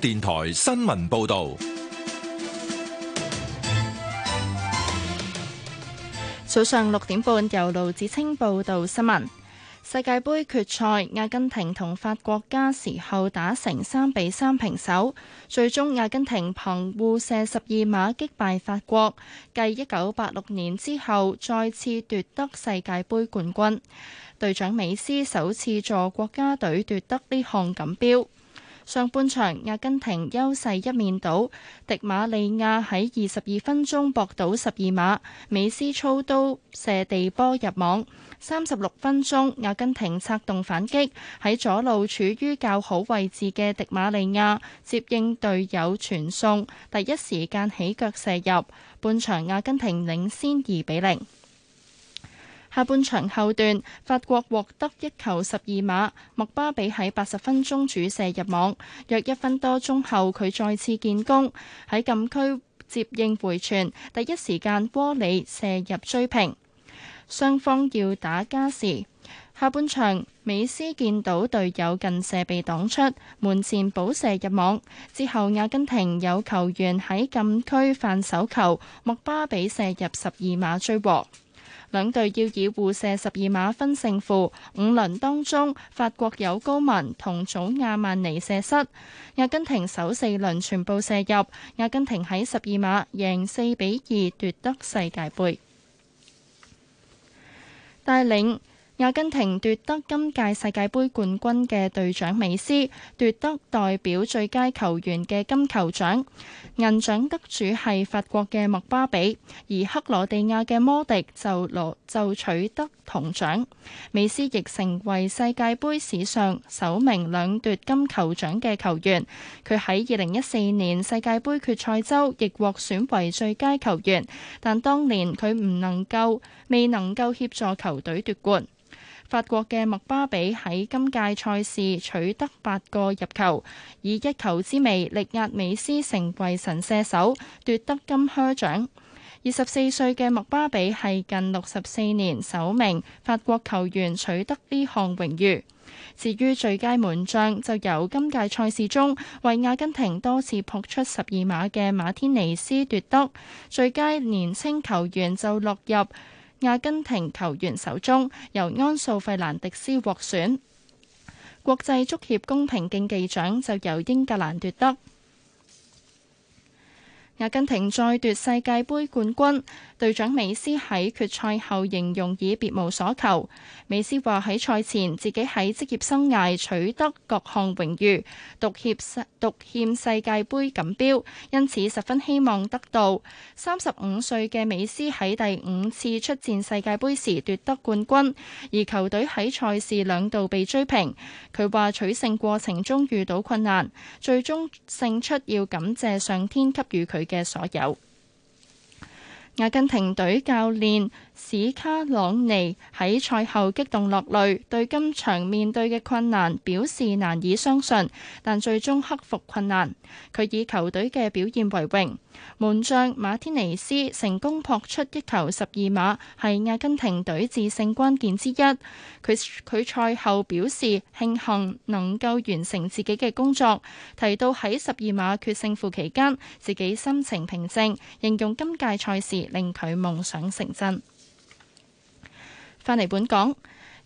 電台新聞報道：早上六點半，由盧子清報道新聞。世界盃決賽，阿根廷同法國加時後打成三比三平手，最終阿根廷憑互射十二碼擊敗法國，繼一九八六年之後再次奪得世界盃冠軍。隊長美斯首次助國家隊奪得呢項錦標。上半場阿根廷優勢一面倒，迪馬利亞喺二十二分鐘搏到十二碼，美斯操刀射地波入網。三十六分鐘阿根廷策動反擊，喺左路處於較好位置嘅迪馬利亞接應隊友傳送，第一時間起腳射入。半場阿根廷領先二比零。下半場後段，法國獲得一球十二碼，莫巴比喺八十分鐘主射入網。約一分多鐘後，佢再次建功喺禁區接應回傳，第一時間窩里射入追平。雙方要打加時。下半場，美斯見到隊友近射被擋出，門前補射入網。之後，阿根廷有球員喺禁區犯手球，莫巴比射入十二碼追和。兩隊要以互射十二碼分勝負，五輪當中，法國有高文同祖亞曼尼射失，阿根廷首四輪全部射入，阿根廷喺十二碼贏四比二奪得世界盃，帶領。阿根廷奪得今屆世界杯冠軍嘅隊長美斯奪得代表最佳球員嘅金球獎，銀獎得主係法國嘅麥巴比，而克羅地亞嘅摩迪就攞，就取得銅獎。美斯亦成為世界杯史上首名兩奪金球獎嘅球員。佢喺二零一四年世界杯決賽周亦獲選為最佳球員，但當年佢唔能夠未能夠協助球隊奪冠。法國嘅麥巴比喺今屆賽事取得八個入球，以一球之微力壓美斯成為神射手，奪得金靴獎。二十四歲嘅麥巴比係近六十四年首名法國球員取得呢項榮譽。至於最佳門將就由今屆賽事中為阿根廷多次撲出十二碼嘅馬天尼斯奪得。最佳年輕球員就落入阿根廷球員手中，由安素費蘭迪斯獲選，國際足協公平競技獎就由英格蘭奪得。阿根廷再奪世界盃冠軍。隊長美斯喺決賽後形容已別無所求。美斯話喺賽前自己喺職業生涯取得各項榮譽，獨協世獨欠世界盃錦標，因此十分希望得到。三十五歲嘅美斯喺第五次出戰世界盃時奪得冠軍，而球隊喺賽事兩度被追平。佢話取勝過程中遇到困難，最終勝出要感謝上天給予佢嘅所有。阿根廷隊教練，史卡朗尼喺賽後激動落淚，對今場面對嘅困難表示難以相信，但最終克服困難。佢以球隊嘅表現為榮。門將馬天尼斯成功撲出一球十二碼，係阿根廷隊致勝關鍵之一。佢佢賽後表示慶幸能夠完成自己嘅工作，提到喺十二碼決勝負期間自己心情平靜，形容今屆賽事令佢夢想成真。返嚟本港，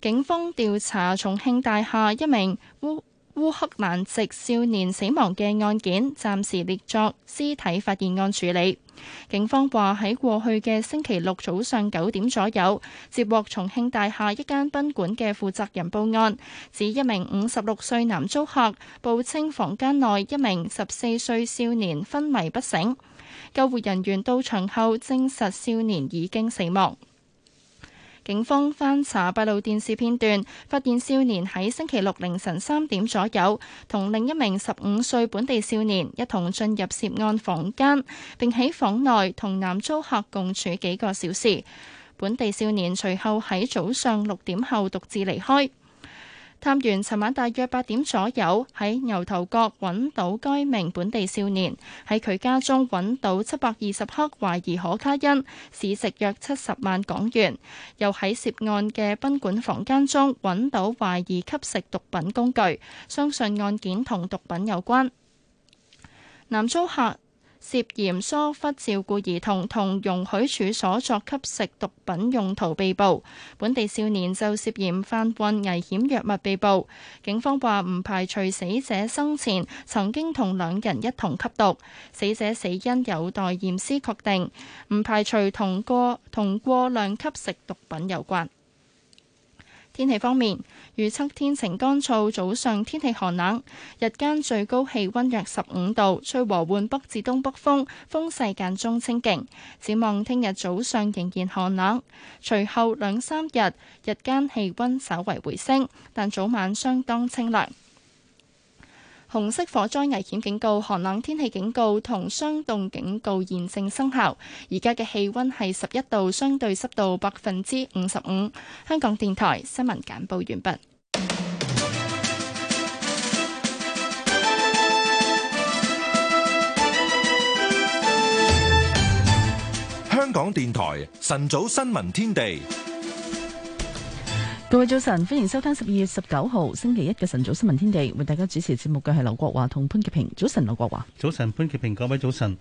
警方調查重慶大廈一名烏烏克蘭籍少年死亡嘅案件，暫時列作屍體發現案處理。警方話喺過去嘅星期六早上九點左右，接獲重慶大廈一間賓館嘅負責人報案，指一名五十六歲男租客報稱房間內一名十四歲少年昏迷不醒，救護人員到場後證實少年已經死亡。警方翻查閉路電視片段，發現少年喺星期六凌晨三點左右，同另一名十五歲本地少年一同進入涉案房間，並喺房內同男租客共處幾個小時，本地少年隨後喺早上六點後獨自離開。探員尋晚大約八點左右喺牛頭角揾到該名本地少年，喺佢家中揾到七百二十克懷疑可卡因，市值約七十萬港元，又喺涉案嘅賓館房間中揾到懷疑吸食毒品工具，相信案件同毒品有關。男租客。涉嫌疏忽照顧兒童同容許處所作吸食毒品用途被捕，本地少年就涉嫌販運危險藥物被捕。警方話唔排除死者生前曾經同兩人一同吸毒，死者死因有待驗屍確定，唔排除同過同過量吸食毒品有關。天氣方面，預測天晴乾燥，早上天氣寒冷，日間最高氣溫約十五度，吹和緩北至東北風，風勢間中清勁。展望聽日早上仍然寒冷，隨後兩三日，日間氣溫稍為回升，但早晚相當清涼。紅色火災危險警告、寒冷天氣警告同霜凍警告現正生效。而家嘅氣溫係十一度，相對濕度百分之五十五。香港電台新聞簡報完畢。香港電台晨早新聞天地。各位早晨，歡迎收聽十二月十九號星期一嘅晨早新聞天地。為大家主持節目嘅係劉國華同潘潔平。早晨，劉國華。早晨，潘潔平。各位早晨。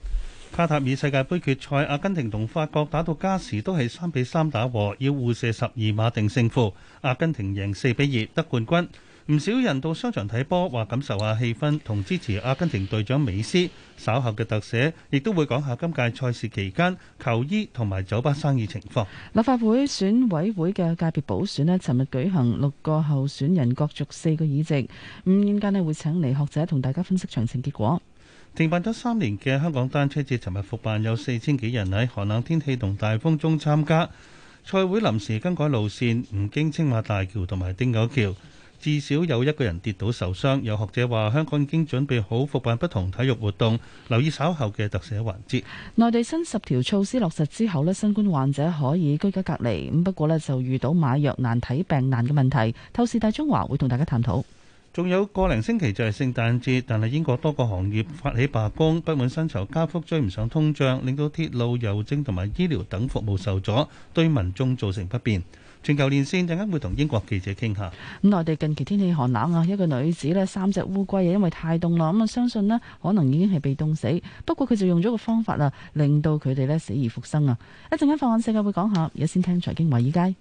卡塔爾世界杯決賽，阿根廷同法國打到加時都係三比三打和，要互射十二碼定勝負。阿根廷贏四比二，得冠軍。唔少人到商場睇波，話感受下氣氛，同支持阿根廷隊長美斯。稍後嘅特寫亦都會講下今屆賽事期間球衣同埋酒吧生意情況。立法會選委會嘅界別補選咧，尋日舉行，六個候選人角逐四個議席。午宴間咧會請嚟學者同大家分析詳情結果。停辦咗三年嘅香港單車節，尋日復辦，有四千幾人喺寒冷天氣同大風中參加。賽會臨時更改路線，唔經青馬大橋同埋汀九橋。至少有一個人跌倒受傷。有學者話香港已經準備好復辦不同體育活動。留意稍後嘅特寫環節。內地新十條措施落實之後咧，新冠患者可以居家隔離。不過咧就遇到買藥難、睇病難嘅問題。透視大中華會同大家探討。仲有個零星期就係聖誕節，但係英國多個行業發起罷工，不滿薪酬加幅追唔上通脹，令到鐵路、郵政同埋醫療等服務受阻，對民眾造成不便。全球連線，陣間會同英國記者傾下。咁內地近期天氣寒冷啊，一個女子咧三隻烏龜，因為太凍啦，咁啊相信咧可能已經係被凍死。不過佢就用咗個方法啦，令到佢哋咧死而復生啊！一陣間放眼世界會講下，而家先聽財經華爾街。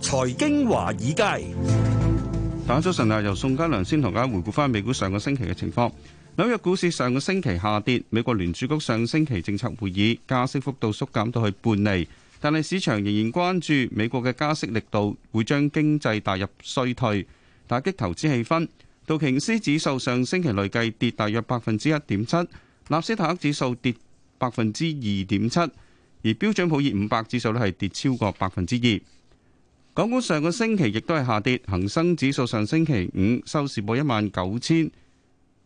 財經華爾街，早晨啊！由宋家良先同大家回顧翻，美股上個星期嘅情況。紐約股市上個星期下跌，美國聯儲局上星期政策會議加息幅度縮減到去半厘，但係市場仍然關注美國嘅加息力度會將經濟帶入衰退，打擊投資氣氛。道瓊斯指數上星期累計跌大約百分之一點七，納斯達克指數跌百分之二點七，而標準普爾五百指數呢係跌超過百分之二。港股上個星期亦都係下跌，恒生指數上星期五收市報一萬九千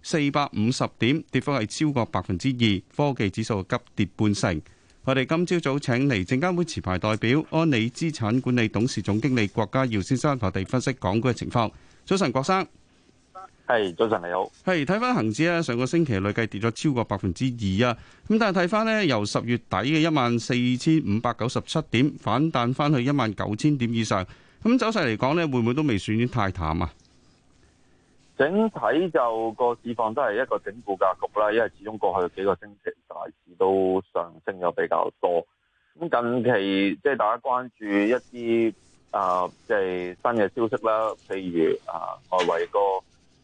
四百五十點，跌幅係超過百分之二，科技指數急跌半成。我哋今朝早,早請嚟證監會持牌代表安理資產管理董事總經理郭家耀先生，坐地分析港股嘅情況。早晨，郭生，係早晨，你好。係睇翻恒指啊，上個星期累計跌咗超過百分之二啊，咁但係睇翻呢，由十月底嘅一萬四千五百九十七點反彈翻去一萬九千點以上，咁走勢嚟講呢會唔會都未算於太淡啊？整體就個市況都係一個整固格局啦，因為始終過去幾個星期大市都上升咗比較多。咁近期即係、就是、大家關注一啲啊，即、就、係、是、新嘅消息啦，譬如啊，外圍個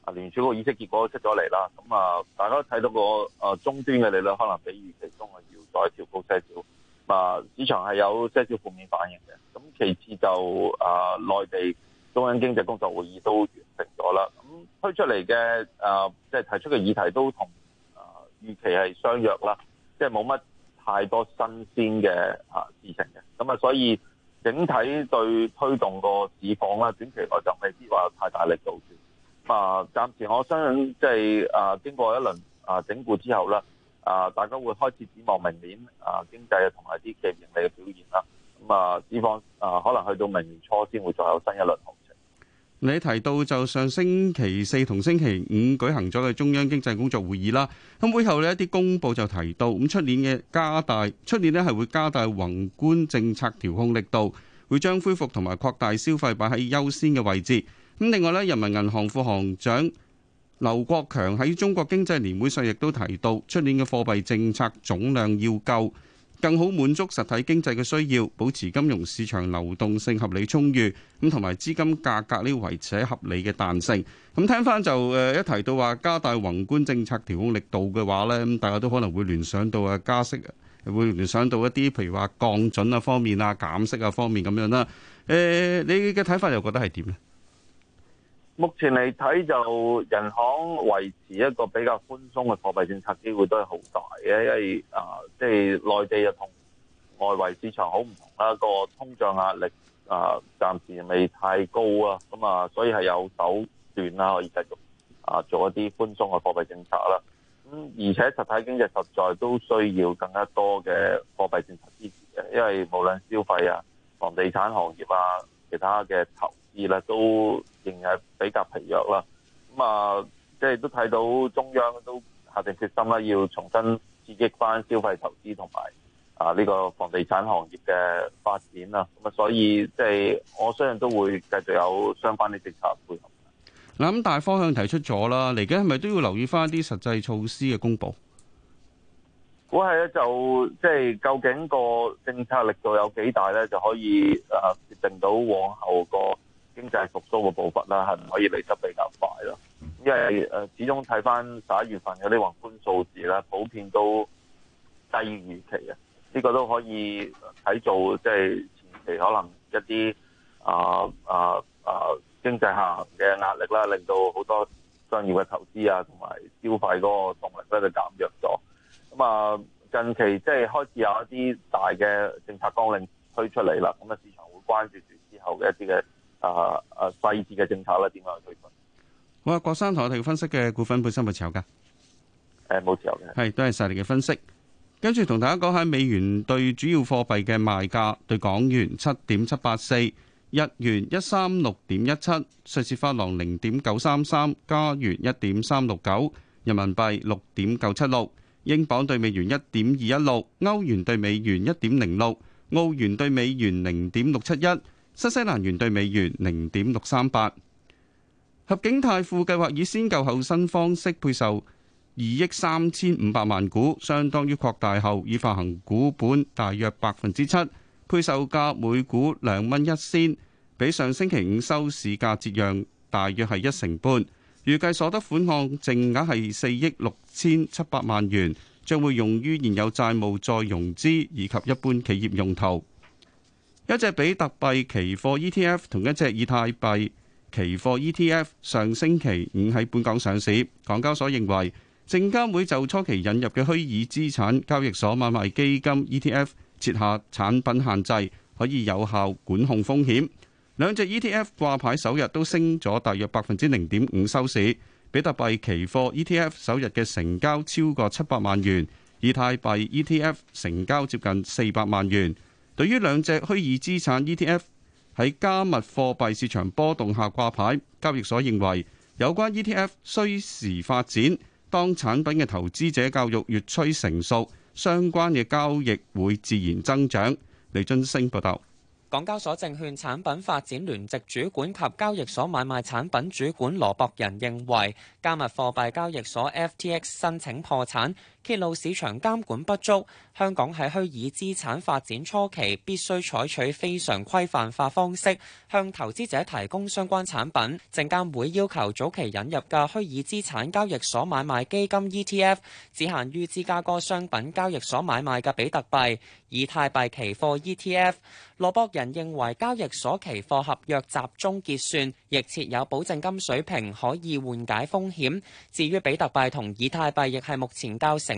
啊聯儲嗰個議息結果出咗嚟啦。咁啊，大家睇到個啊終端嘅利率可能比預期中係要再調高些少，啊，市場係有些少負面反應嘅。咁其次就啊，內地。中央經濟工作會議都完成咗啦，咁推出嚟嘅啊，即係提出嘅議題都同預期係相若啦，即係冇乜太多新鮮嘅啊事情嘅，咁啊，所以整體對推動個市況啦，短期內就未必話有太大力度啊，暫時我相信即係啊，經過一輪啊整固之後啦，啊大家會開始展望明年啊經濟同埋啲企業盈利嘅表現啦。咁啊，市況啊可能去到明年初先會再有新一輪。你提到就上星期四同星期五舉行咗嘅中央經濟工作會議啦，咁會後呢一啲公佈，就提到，咁出年嘅加大出年咧，係會加大宏觀政策調控力度，會將恢復同埋擴大消費擺喺優先嘅位置。咁另外咧，人民銀行副行長劉國強喺中國經濟年會上亦都提到，出年嘅貨幣政策總量要夠，更好滿足實體經濟嘅需要，保持金融市場流動性合理充裕，咁同埋資金價格呢維持喺合理嘅彈性。咁聽翻就誒一提到話加大宏觀政策調控力度嘅話咧，咁大家都可能會聯想到啊加息，會聯想到一啲譬如話降準啊方面啊減息啊方面咁樣啦。誒、呃，你嘅睇法又覺得係點呢？目前嚟睇就，人行維持一個比較寬鬆嘅貨幣政策機會都係好大嘅，因為啊，即、呃、係、就是、內地又同外圍市場好唔同啦，個通脹壓力啊、呃，暫時未太高啊，咁啊，所以係有手段啦，可以繼續啊，做一啲寬鬆嘅貨幣政策啦。咁、嗯、而且實體經濟實在都需要更加多嘅貨幣政策支持嘅，因為無論消費啊、房地產行業啊、其他嘅投資，都仍然係比較疲弱啦，咁、嗯、啊，即係都睇到中央都下定決心啦，要重新刺激翻消費、投資同埋啊呢個房地產行業嘅發展啦。咁、嗯、啊，所以即係我相信都會繼續有相關嘅政策配合。嗱，咁大方向提出咗啦，嚟緊係咪都要留意翻啲實際措施嘅公佈？估係咧，就即係究竟個政策力度有幾大咧，就可以誒決、啊、定到往後個。經濟復甦嘅步伐啦，係唔可以嚟得比較快咯。因為誒，始終睇翻十一月份嗰啲宏觀數字啦，普遍都低於預期嘅。呢個都可以睇做即係前期可能一啲啊啊啊經濟下行嘅壓力啦，令到好多商業嘅投資啊同埋消費嗰個動力都係減弱咗。咁啊，近期即係開始有一啲大嘅政策綱領推出嚟啦，咁啊市場會關注住之後嘅一啲嘅。啊啊！細節嘅政策啦，點樣區分？好，我阿郭生同我哋分析嘅股份本身有冇持有㗎？誒，冇持有嘅。係，都係實力嘅分析。跟住同大家講下美元對主要貨幣嘅賣價：對港元七點七八四，日元一三六點一七，瑞士法郎零點九三三，加元一點三六九，人民幣六點九七六，英鎊對美元一點二一六，歐元對美元一點零六，澳元對美元零點六七一。新西蘭元對美元零點六三八。合景泰富計劃以先舊後新方式配售二億三千五百萬股，相當於擴大後已發行股本大約百分之七。配售價每股兩蚊一仙，比上星期五收市價折讓大約係一成半。預計所得款項淨額係四億六千七百萬元，將會用於現有債務再融資以及一般企業用途。一隻比特幣期貨 ETF 同一隻以太幣期貨 ETF 上星期五喺本港上市。港交所認為，證監會就初期引入嘅虛擬資產交易所買賣基金 ETF 設下產品限制，可以有效管控風險。兩隻 ETF 掛牌首日都升咗大約百分之零點五收市。比特幣期貨 ETF 首日嘅成交超過七百萬元，以太幣 ETF 成交接近四百萬元。對於兩隻虛擬資產 ETF 喺加密貨幣市場波動下掛牌，交易所認為有關 ETF 需時發展，當產品嘅投資者教育越趨成熟，相關嘅交易會自然增長。李津升報道，港交所證券產品發展聯席主管及交易所買賣產品主管羅博仁認為，加密貨幣交易所 FTX 申請破產，揭露市場監管不足，香港喺虛擬資產發展初期必須採取非常規範化方式向投資者提供相關產品。證監會要求早期引入嘅虛擬資產交易所買賣基金 ETF，只限於芝加哥商品交易所買賣嘅比特幣以太幣期貨 ETF。羅博人認為交易所期貨合約集中結算，亦設有保證金水平，可以緩解風險，至於比特幣同以太幣亦係目前較成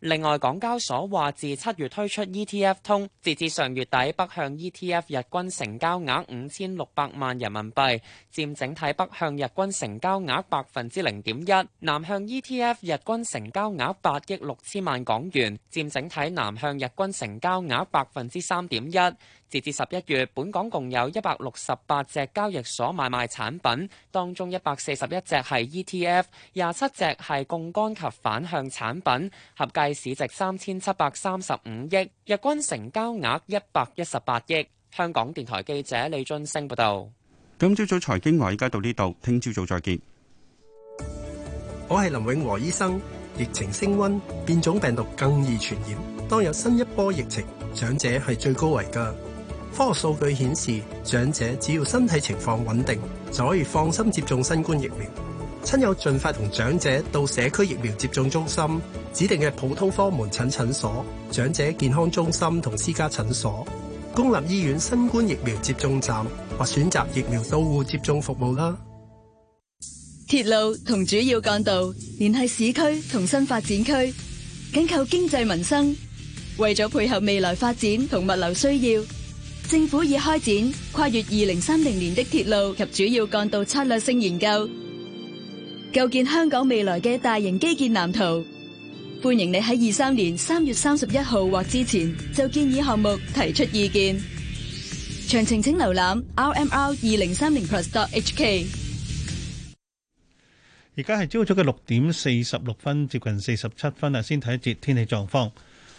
另外，港交所話，自七月推出 ETF 通，截至上月底，北向 ETF 日均成交額五千六百萬人民幣，佔整體北向日均成交額百分之零點一；南向 ETF 日均成交額八億六千萬港元，佔整體南向日均成交額百分之三點一。截至十一月，本港共有一百六十八隻交易所買賣產品，當中一百四十一隻係 ETF，廿七隻係槓桿及反向產品，合計市值三千七百三十五億，日均成交額一百一十八億。香港電台記者李津升報道。今朝早財經話依家到呢度，聽朝早再見。我係林永和醫生。疫情升溫，變種病毒更易傳染，當有新一波疫情，長者係最高危噶。科學數據顯示，長者只要身體情況穩定，就可以放心接種新冠疫苗。親友盡快同長者到社區疫苗接種中心、指定嘅普通科門診診所、長者健康中心同私家診所、公立醫院新冠疫苗接種站或選擇疫苗到戶接種服務啦。鐵路同主要幹道聯繫市區同新發展區，緊扣經濟民生。為咗配合未來發展同物流需要，政府已開展跨越2030年的鐵路及主要幹道策略性研究，構建香港未來的大型基建藍圖。歡迎你喺23年3月31號或之前就建議項目提出意見，詳情請瀏覽 rmr 2030 plus hk。而家係朝早嘅6點46分，接近47分，先睇一節天氣狀況。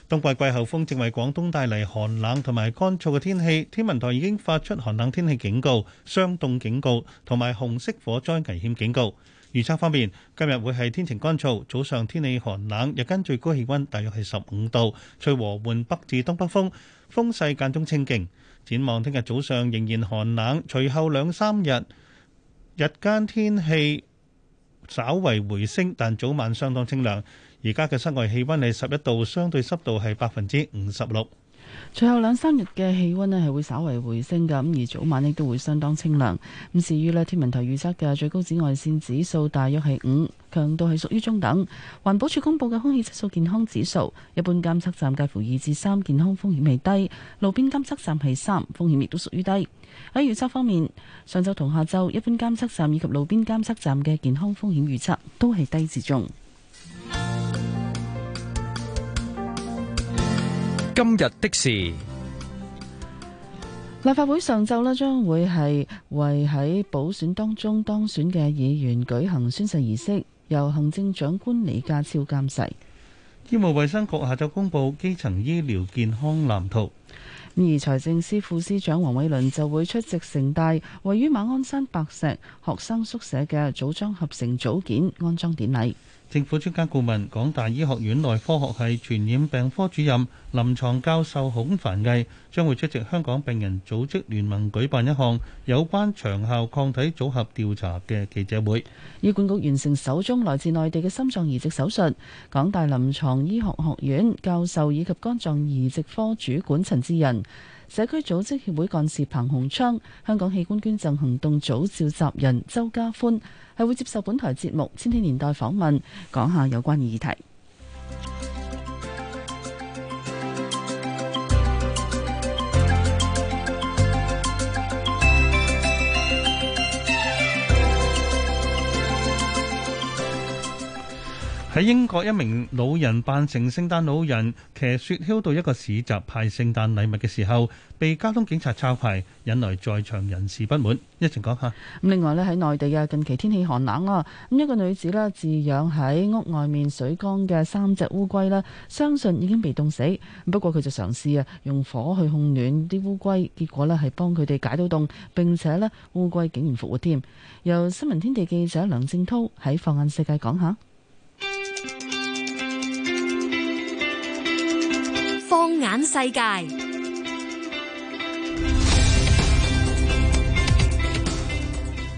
冬季季候風正為廣東帶嚟寒冷同埋乾燥嘅天氣，天文台已經發出寒冷天氣警告、霜凍警告同埋紅色火災危險警告。預測方面，今日會係天晴乾燥，早上天氣寒冷，日間最高氣温大約係十五度，吹和緩北至東北風，風勢間中清勁。展望聽日早上仍然寒冷，隨後兩三日，日間天氣稍為回升，但早晚相當清涼。而家嘅室外氣溫係十一度，相對濕度係百分之五十六。隨後兩三日嘅氣溫呢，係會稍為回升噶，咁而早晚呢都會相當清涼。咁至於呢天文台預測嘅最高紫外線指數大約係五，強度係屬於中等。環保署公布嘅空氣質素健康指數，一般監測站介乎二至三，健康風險係低；路邊監測站係三，風險亦都屬於低。喺預測方面，上晝同下晝，一般監測站以及路邊監測站嘅健康風險預測都係低至中。今日的事，立法會上晝咧將會係為喺補選當中當選嘅議員舉行宣誓儀式，由行政長官李家超監誓。醫務衛生局下晝公佈基層醫療健康藍圖，而財政司副司長黃偉綸就會出席城大位於馬鞍山白石學生宿舍嘅組裝合成組件安裝典禮。政府專家顧問、港大醫學院內科學系傳染病科主任、臨床教授孔繁毅將會出席香港病人組織聯盟舉辦一項有關長效抗體組合調查嘅記者會。醫管局完成首宗來自內地嘅心臟移植手術。港大臨床醫學學院教授以及肝臟移植科主管陳志仁、社區組織協會幹事彭洪昌、香港器官捐贈行動組召集人周家歡。係會接受本台節目《千禧年代》訪問，講下有關嘅議題。喺英國，一名老人扮成聖誕老人，騎雪橇到一個市集派聖誕禮物嘅時候，被交通警察抄牌，引來在場人士不滿。一陣講下咁。另外咧喺內地嘅近期天氣寒冷啊，咁一個女子咧飼養喺屋外面水缸嘅三隻烏龜咧，相信已經被凍死。不過佢就嘗試啊用火去控暖啲烏龜，結果咧係幫佢哋解到凍，並且咧烏龜竟然復活添。由新聞天地記者梁正濤喺放眼世界講下。眼世界。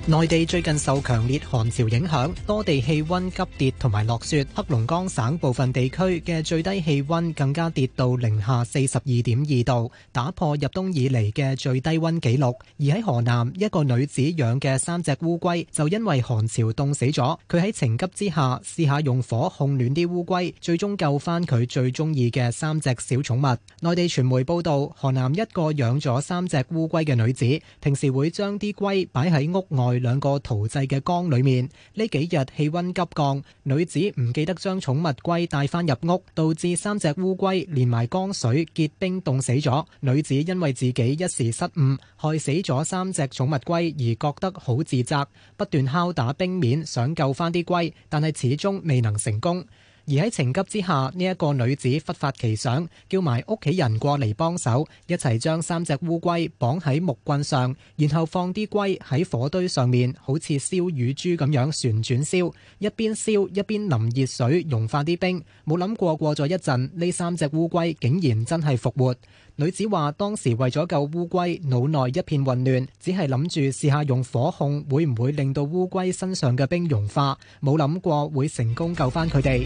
內地最近受強烈寒潮影響，多地氣溫急跌同埋落雪。黑龍江省部分地區嘅最低氣溫更加跌到零下四十二點二度，打破入冬以嚟嘅最低溫紀錄。而喺河南，一個女子養嘅三隻烏龜就因為寒潮凍死咗，佢喺情急之下試下用火烘暖啲烏龜，最終救翻佢最中意嘅三隻小寵物。內地傳媒報道，河南一個養咗三隻烏龜嘅女子，平時會將啲龜擺喺屋外。去兩個陶製嘅缸裏面，呢幾日氣溫急降，女子唔記得將寵物龜帶返入屋，導致三隻烏龜連埋缸水結冰凍死咗。女子因為自己一時失誤害死咗三隻寵物龜而覺得好自責，不斷敲打冰面想救返啲龜，但係始終未能成功。而喺情急之下，呢一個女子忽發奇想，叫埋屋企人過嚟幫手，一齊將三隻烏龜綁喺木棍上，然後放啲龜喺火堆上面，好似燒乳豬咁樣旋轉燒，一邊燒一邊淋熱水溶化啲冰，冇諗過過咗一陣，呢三隻烏龜竟然真係復活。女子話：當時為咗救烏龜，腦內一片混亂，只係諗住試下用火控會唔會令到烏龜身上嘅冰融化，冇諗過會成功救翻佢哋。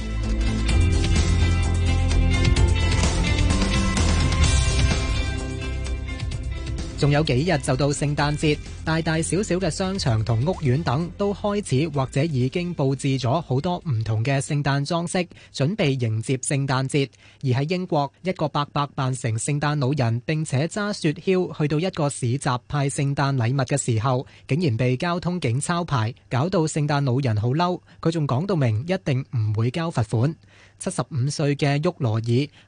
仲有幾日就到聖誕節，大大小小嘅商場同屋苑等都開始或者已經佈置咗好多唔同嘅聖誕裝飾，準備迎接聖誕節。而喺英國，一個伯伯扮成聖誕老人，並且揸雪橇去到一個市集派聖誕禮物嘅時候，竟然被交通警抄牌，搞到聖誕老人好嬲。佢仲講到明，一定唔會交罰款。七十五歲嘅沃羅爾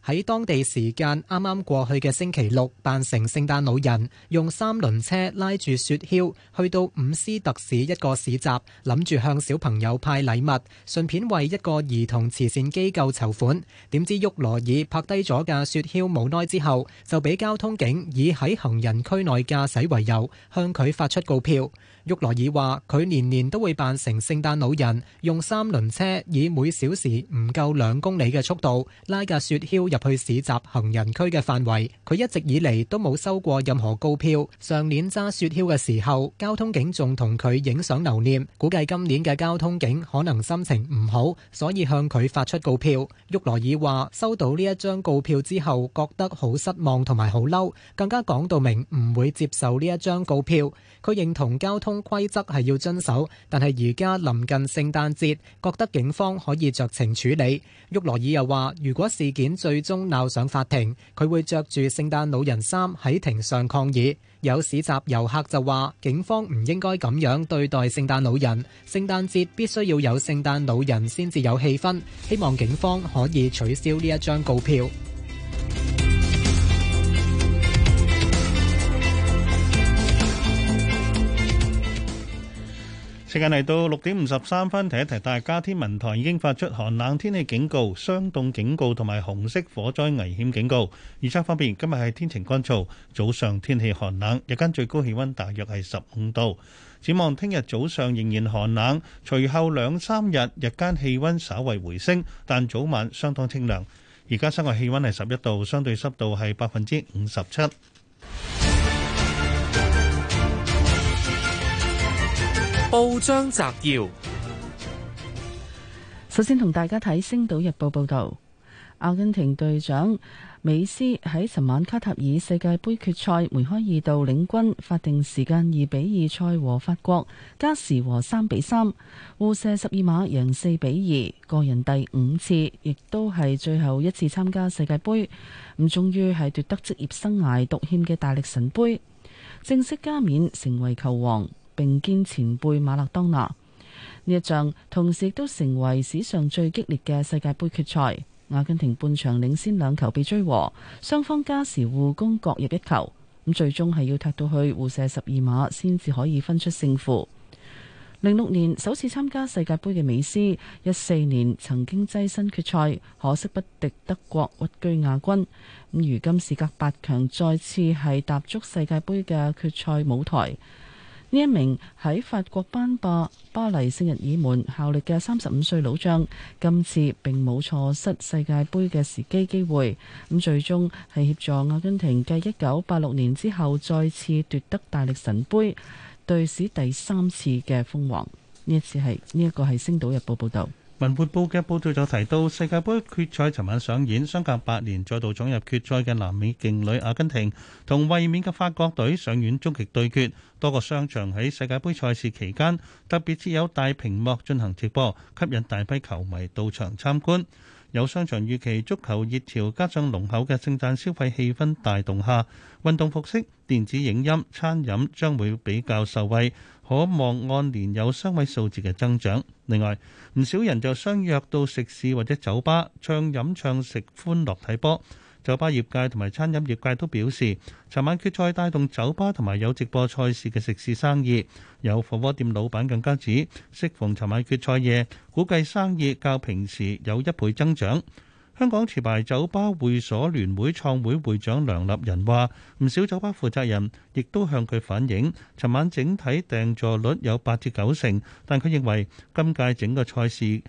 喺當地時間啱啱過去嘅星期六扮成聖誕老人，用三輪車拉住雪橇去到伍斯特市一個市集，諗住向小朋友派禮物，順便為一個兒童慈善機構籌款。點知沃羅爾拍低咗架雪橇冇耐之後，就俾交通警以喺行人區內駕駛為由向佢發出告票。沃羅爾話，佢年年都會扮成聖誕老人，用三輪車以每小時唔夠兩公里嘅速度拉架雪橇入去市集行人區嘅範圍，佢一直以嚟都冇收過任何告票。上年揸雪橇嘅時候，交通警仲同佢影相留念。估計今年嘅交通警可能心情唔好，所以向佢發出告票。沃羅爾話收到呢一張告票之後覺得好失望同埋好嬲，更加講到明唔會接受呢一張告票。佢認同交通。規則係要遵守，但係而家臨近聖誕節，覺得警方可以酌情處理。沃羅爾又話，如果事件最終鬧上法庭，佢會着住聖誕老人衫喺庭上抗議。有市集遊客就話，警方唔應該咁樣對待聖誕老人，聖誕節必須要有聖誕老人先至有氣氛，希望警方可以取消呢一張告票。時間嚟到六點五十三分，提一提大家天文台已經發出寒冷天氣警告、霜凍警告同埋紅色火災危險警告。預測方面，今日係天晴乾燥，早上天氣寒冷，日間最高氣溫大約係十五度。展望聽日早上仍然寒冷，隨後兩三日日間氣溫稍為回升，但早晚相當清涼。而家室外氣溫係十一度，相對濕度係百分之五十七。報章摘要：首先同大家睇《星島日報》報道，阿根廷隊長美斯喺尋晚卡塔爾世界杯決賽梅開二度領軍，法定時間二比二賽和法國，加時和三比三，互射十二碼贏四比二，個人第五次，亦都係最後一次參加世界杯，咁終於係奪得職業生涯獨欠嘅大力神杯，正式加冕成為球王。並肩前輩馬勒當拿，呢一仗同時亦都成為史上最激烈嘅世界杯決賽。阿根廷半場領先兩球被追和，雙方加時互攻各入一球，咁最終係要踢到去互射十二碼先至可以分出勝負。零六年首次參加世界杯嘅美斯，一四年曾經躋身決賽，可惜不敵德國屈居亞軍。咁如今時隔八強，再次係踏足世界杯嘅決賽舞台。呢一名喺法國班霸巴黎聖日耳門效力嘅三十五歲老將，今次並冇錯失世界杯嘅時機機會，咁最終係協助阿根廷繼一九八六年之後再次奪得大力神杯，對史第三次嘅封王。呢一次係呢一個係星島日報報道。文匯報嘅報道就提到，世界杯決賽尋晚上演，相隔八年再度闖入決賽嘅南美勁旅阿根廷同衛冕嘅法國隊上演終極對決。多個商場喺世界杯賽事期間，特別設有大屏幕進行直播，吸引大批球迷到場參觀。有商場預期，足球熱潮加上濃厚嘅聖誕消費氣氛帶動下，運動服飾、電子影音、餐飲將會比較受惠，可望按年有雙位數字嘅增長。另外，唔少人就相約到食肆或者酒吧暢飲暢食，歡樂睇波。酒吧業界同埋餐飲業界都表示，尋晚決賽帶動酒吧同埋有直播賽事嘅食肆生意。有火鍋店老闆更加指，適逢尋晚決賽夜，估計生意較平時有一倍增長。香港持牌酒吧會所聯會創會會長梁立仁話，唔少酒吧負責人亦都向佢反映，尋晚整體訂座率有八至九成，但佢認為今屆整個賽事，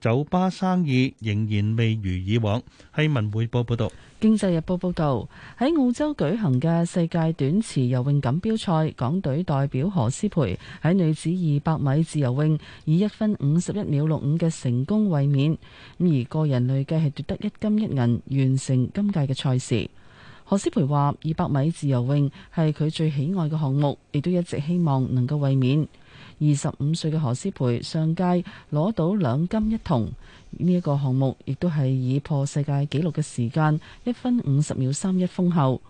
酒吧生意仍然未如以往。係文匯報報道，經濟日報報道。喺澳洲舉行嘅世界短池游泳錦標賽，港隊代表何詩蓓喺女子二百米自由泳以一分五十一秒六五嘅成功衛冕，咁而個人累計係奪得一金一銀，完成今屆嘅賽事。何詩蓓話：二百米自由泳係佢最喜愛嘅項目，亦都一直希望能夠衛冕。二十五歲嘅何詩蓓上屆攞到兩金一銅，呢、這、一個項目亦都係以破世界紀錄嘅時間一分五十秒三一封后。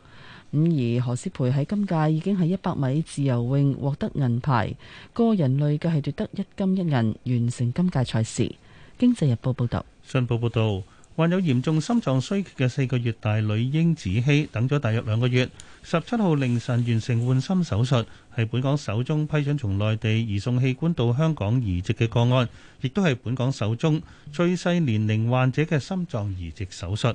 咁而何詩蓓喺今屆已經喺一百米自由泳獲得銀牌，個人累計係奪得一金一銀，完成今屆賽事。經濟日報報道，信報報道。患有嚴重心臟衰竭嘅四個月大女嬰子希等咗大約兩個月，十七號凌晨完成換心手術，係本港首宗批准從內地移送器官到香港移植嘅個案，亦都係本港首宗最細年齡患者嘅心臟移植手術。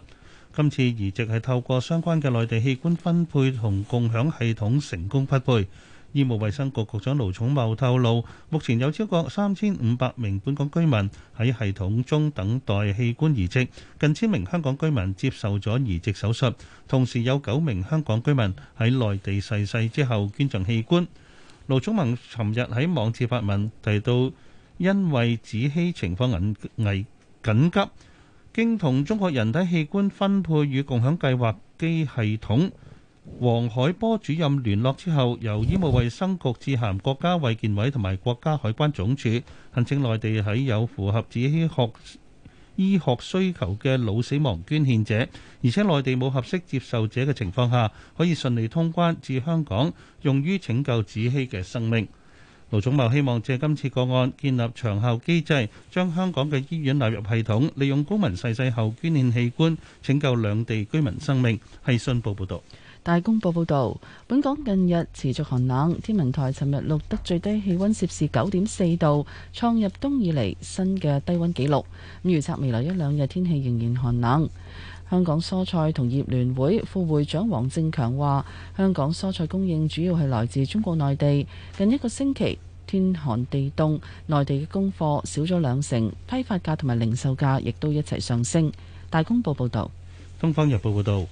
今次移植係透過相關嘅內地器官分配同共享系統成功匹配。醫務衛生局局長盧寵茂透露，目前有超過三千五百名本港居民喺系統中等待器官移植，近千名香港居民接受咗移植手術，同時有九名香港居民喺內地逝世之後捐贈器官。盧寵茂尋日喺網誌發文提到，因為子希情況緊危緊急，經同中國人體器官分配與共享計劃機系統王海波主任聯絡之後，由醫務衛生局致函國家衛健委同埋國家海關總署，懇請內地喺有符合子希學醫學需求嘅腦死亡捐獻者，而且內地冇合適接受者嘅情況下，可以順利通關至香港，用於拯救子希嘅生命。盧寵茂希望借今次個案建立長效機制，將香港嘅醫院納入系統，利用公民逝世，世後捐獻器官，拯救兩地居民生命。係信報報道。大公報報導，本港近日持續寒冷，天文台尋日錄得最低氣温攝氏九點四度，創入冬以嚟新嘅低温紀錄。咁預測未來一兩日天氣仍然寒冷。香港蔬菜同業聯會副會長黃正強話，香港蔬菜供應主要係來自中國內地，近一個星期天寒地凍，內地嘅供貨少咗兩成，批發價同埋零售價亦都一齊上升。大公報報導，《東方日報》報導。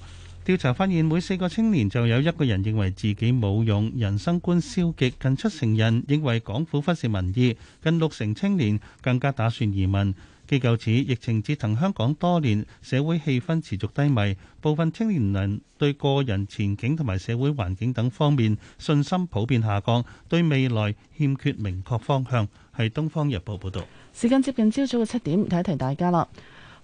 調查發現，每四個青年就有一個人認為自己冇用，人生觀消極。近七成人認為港府忽視民意，近六成青年更加打算移民。機構指，疫情折騰香港多年，社會氣氛持續低迷，部分青年人對個人前景同埋社會環境等方面信心普遍下降，對未來欠缺明確方向。係《東方日報》報道。時間接近朝早嘅七點，提一提大家啦。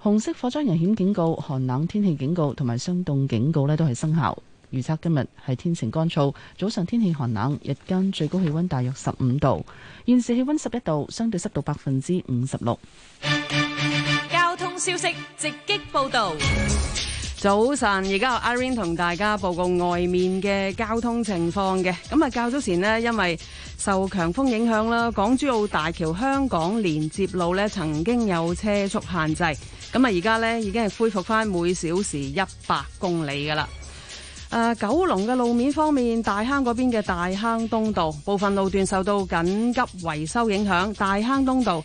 紅色火災危險警告、寒冷天氣警告同埋霜凍警告呢，都係生效。預測今日係天晴乾燥，早上天氣寒冷，日間最高氣溫大約十五度。現時氣溫十一度，相對濕度百分之五十六。交通消息直擊報道。早晨，而家由 Irene 同大家報告外面嘅交通情況嘅。咁啊，較早前呢，因為受強風影響啦，港珠澳大橋香港連接路呢曾經有車速限制。咁啊，而家咧已經係恢復翻每小時一百公里噶啦。誒、呃，九龍嘅路面方面，大坑嗰邊嘅大坑東道部分路段受到緊急維修影響，大坑東道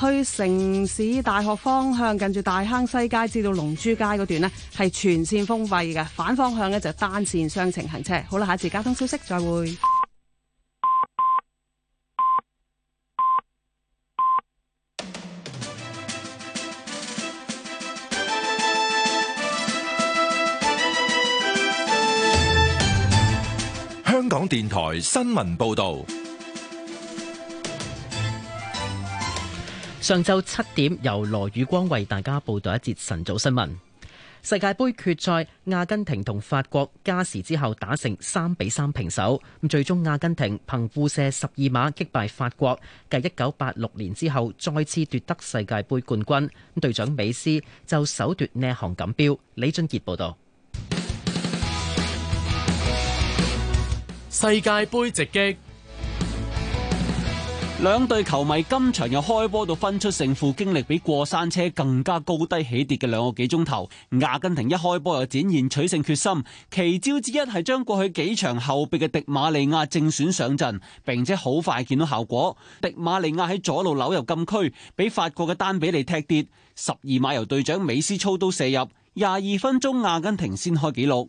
去城市大學方向近住大坑西街至到龍珠街嗰段呢係全線封閉嘅，反方向呢，就單線雙程行車。好啦，下次交通消息再會。香港電台新聞報道，上晝七點由羅宇光為大家報道一節晨早新聞。世界杯決賽，阿根廷同法國加時之後打成三比三平手，咁最終阿根廷憑互射十二碼擊敗法國，繼一九八六年之後再次奪得世界杯冠軍。咁隊長美斯就首奪呢項錦標。李俊傑報道。世界杯直擊，兩隊球迷今場又開波到分出勝負，經歷比過山車更加高低起跌嘅兩個幾鐘頭。阿根廷一開波又展現取勝決心，奇招之一係將過去幾場後備嘅迪馬利亞正選上陣，並且好快見到效果。迪馬利亞喺左路扭入禁區，俾法國嘅丹比利踢跌，十二碼由隊長美斯操刀射入，廿二分鐘阿根廷先開紀錄。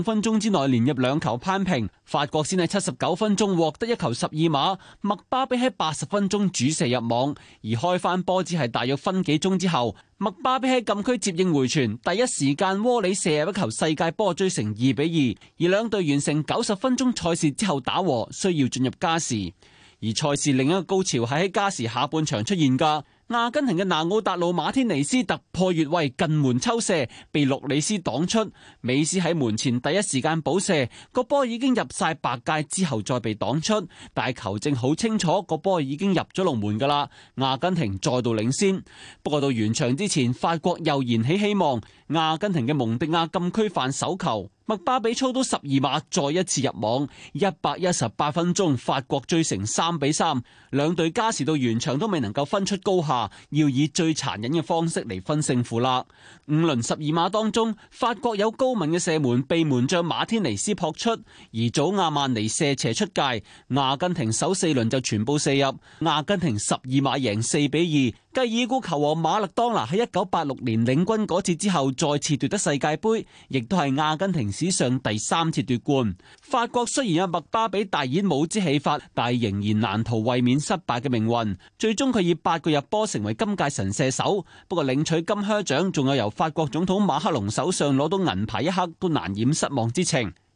分鐘之內連入兩球攀平，法國先喺七十九分鐘獲得一球十二碼，麥巴比喺八十分鐘主射入網，而開返波只係大約分幾鐘之後，麥巴比喺禁區接應回傳，第一時間窩利射入一球，世界波追成二比二，而兩隊完成九十分鐘賽事之後打和，需要進入加時，而賽事另一個高潮係喺加時下半場出現㗎。阿根廷嘅南奧達路馬天尼斯突破越位近門抽射，被洛里斯擋出。美斯喺門前第一時間補射，個波已經入晒白界之後再被擋出，但係球證好清楚個波已經入咗龍門噶啦。阿根廷再度領先。不過到完場之前，法國又燃起希望。阿根廷嘅蒙迪亞禁區犯手球，麥巴比操刀十二碼再一次入網。一百一十八分鐘，法國追成三比三。兩隊加時到完場都未能夠分出高下。要以最殘忍嘅方式嚟分勝負喇！五輪十二碼當中，法國有高敏嘅射門被門將馬天尼斯撲出，而祖亞曼尼射斜出界。阿根廷首四輪就全部射入，阿根廷十二碼贏四比二。繼已故球王馬勒當拿喺一九八六年領軍嗰次之後，再次奪得世界杯，亦都係阿根廷史上第三次奪冠。法國雖然有麥巴比大演舞之戲法，但仍然難逃衛冕失敗嘅命運。最終佢以八個入波成為今屆神射手，不過領取金靴獎，仲有由法國總統馬克龍手上攞到銀牌一刻，都難掩失望之情。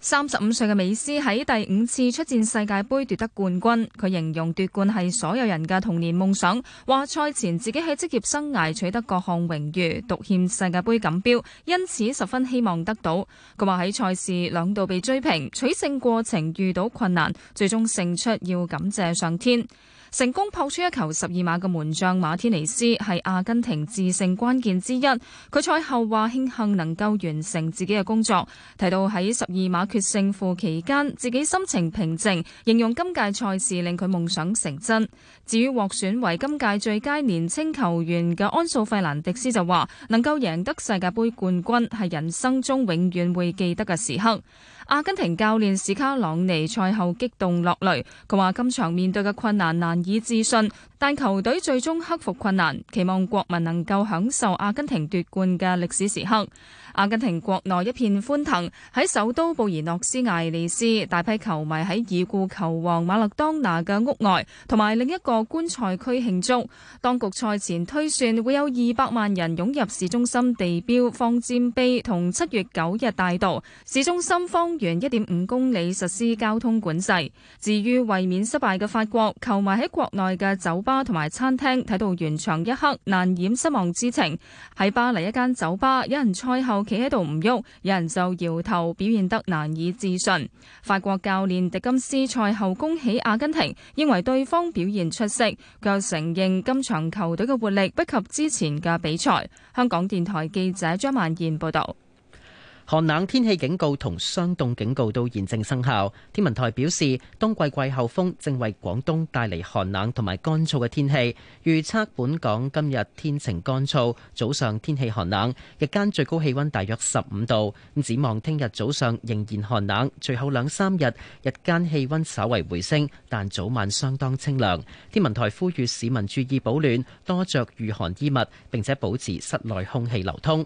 三十五歲嘅美斯喺第五次出戰世界盃奪得冠軍，佢形容奪冠係所有人嘅童年夢想。話賽前自己喺職業生涯取得各項榮譽，獨欠世界盃錦標，因此十分希望得到。佢話喺賽事兩度被追平，取勝過程遇到困難，最終勝出要感謝上天。成功撲出一球十二碼嘅門將馬天尼斯，係阿根廷致勝關鍵之一。佢賽後話慶幸能夠完成自己嘅工作，提到喺十二碼決勝負期間自己心情平靜，形容今屆賽事令佢夢想成真。至於獲選為今屆最佳年青球員嘅安素費蘭迪斯就話：能夠贏得世界盃冠軍係人生中永遠會記得嘅時刻。阿根廷教練史卡朗尼賽後激動落淚，佢話今場面對嘅困難難以置信，但球隊最終克服困難，期望國民能夠享受阿根廷奪冠嘅歷史時刻。阿根廷國內一片歡騰，喺首都布宜諾斯艾利斯，大批球迷喺已故球王馬勒當拿嘅屋外同埋另一個觀賽區慶祝。當局賽前推算會有二百萬人湧入市中心地標方尖碑同七月九日大道。市中心方圓一點五公里實施交通管制。至於衛冕失敗嘅法國球迷喺國內嘅酒吧同埋餐廳睇到完場一刻，難掩失望之情。喺巴黎一間酒吧，有人賽後，企喺度唔喐，有人就搖頭，表現得難以置信。法國教練迪金斯賽後恭喜阿根廷，認為對方表現出色。佢又承認今場球隊嘅活力不及之前嘅比賽。香港電台記者張曼燕報道。寒冷天氣警告同霜凍警告都現正生效。天文台表示，冬季季候風正為廣東帶嚟寒冷同埋乾燥嘅天氣。預測本港今日天晴乾燥，早上天氣寒冷，日間最高氣温大約十五度。咁展望聽日早上仍然寒冷，最後兩三日日間氣温稍為回升，但早晚相當清涼。天文台呼籲市民注意保暖，多着御寒衣物，並且保持室內空氣流通。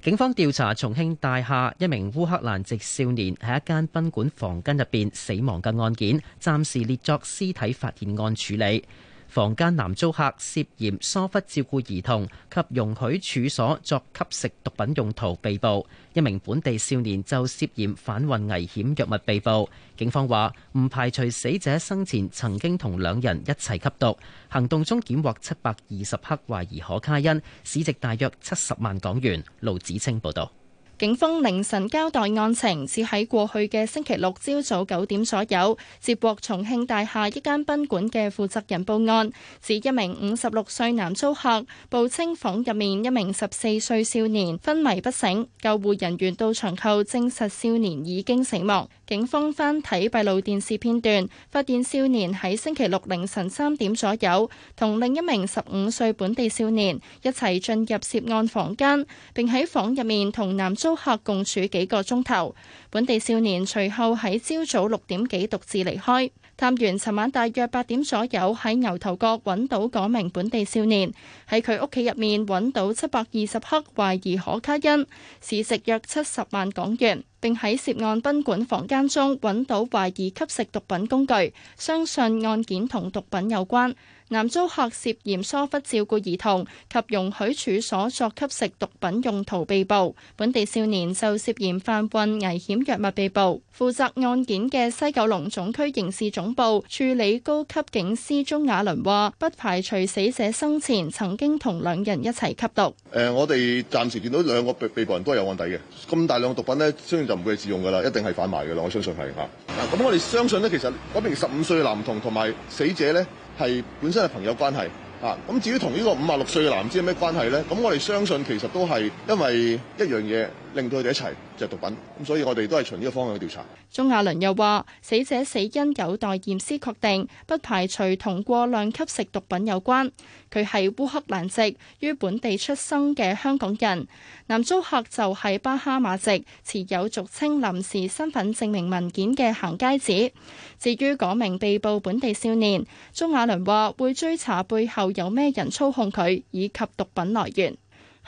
警方調查重慶大廈一名烏克蘭籍少年喺一間賓館房間入邊死亡嘅案件，暫時列作屍體發現案處理。房間男租客涉嫌疏忽照顧兒童及容許處所作吸食毒品用途被捕，一名本地少年就涉嫌販運危險藥物被捕。警方話唔排除死者生前曾經同兩人一齊吸毒。行動中檢獲七百二十克懷疑可卡因，市值大約七十萬港元。路子清報導。警方凌晨交代案情，只喺，過去嘅星期六朝早九點左右，接獲重慶大廈一間賓館嘅負責人報案，指一名五十六歲男租客報稱房入面一名十四歲少年昏迷不醒，救護人員到場後證實少年已經死亡。警方翻睇閉路電視片段，發現少年喺星期六凌晨三點左右，同另一名十五歲本地少年一齊進入涉案房間，並喺房入面同男租。租客共處幾個鐘頭，本地少年隨後喺朝早六點幾獨自離開。探員尋晚大約八點左右喺牛頭角揾到嗰名本地少年，喺佢屋企入面揾到七百二十克懷疑可卡因，市值約七十萬港元，並喺涉案賓館房間中揾到懷疑吸食毒品工具，相信案件同毒品有關。男租客涉嫌疏忽照顧兒童及容許處所作吸食毒品用途被捕，本地少年就涉嫌販運危險藥物被捕。負責案件嘅西九龍總區刑事總部處理高級警司鍾亞倫話，不排除死者生前曾經同兩人一齊吸毒。誒、呃，我哋暫時見到兩個被被捕人都係有案底嘅。咁大量毒品呢，相信就唔會係自用㗎啦，一定係販賣㗎啦。我相信係嚇。嗱、啊，咁我哋相信呢，其實嗰名十五歲男童同埋死者呢。係本身係朋友關係啊。咁至於同呢個五啊六歲嘅男子有咩關係咧？咁我哋相信其實都係因為一樣嘢。令到佢哋一齊就係毒品，咁所以我哋都係從呢個方向去調查。鍾亞倫又話：死者死因有待驗屍確定，不排除同過量吸食毒品有關。佢係烏克蘭籍，於本地出生嘅香港人。男租客就係巴哈馬籍，持有俗稱臨時身份證明文件嘅行街紙。至於嗰名被捕本地少年，鍾亞倫話會追查背後有咩人操控佢，以及毒品來源。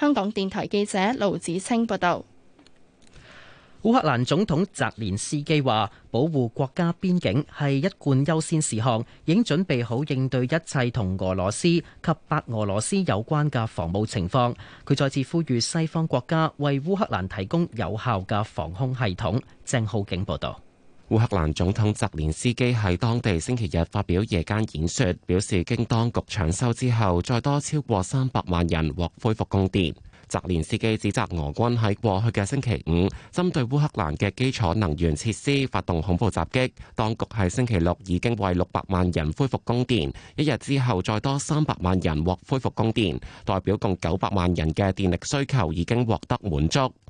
香港電台記者盧子清報道，烏克蘭總統澤連斯基話：保護國家邊境係一貫優先事項，已經準備好應對一切同俄羅斯及白俄羅斯有關嘅防務情況。佢再次呼籲西方國家為烏克蘭提供有效嘅防空系統。鄭浩景報道。烏克蘭總統澤連斯基喺當地星期日發表夜間演說，表示經當局搶修之後，再多超過三百萬人獲恢復供電。澤連斯基指責俄軍喺過去嘅星期五針對烏克蘭嘅基礎能源設施發動恐怖襲擊，當局喺星期六已經為六百萬人恢復供電，一日之後再多三百萬人獲恢復供電，代表共九百萬人嘅電力需求已經獲得滿足。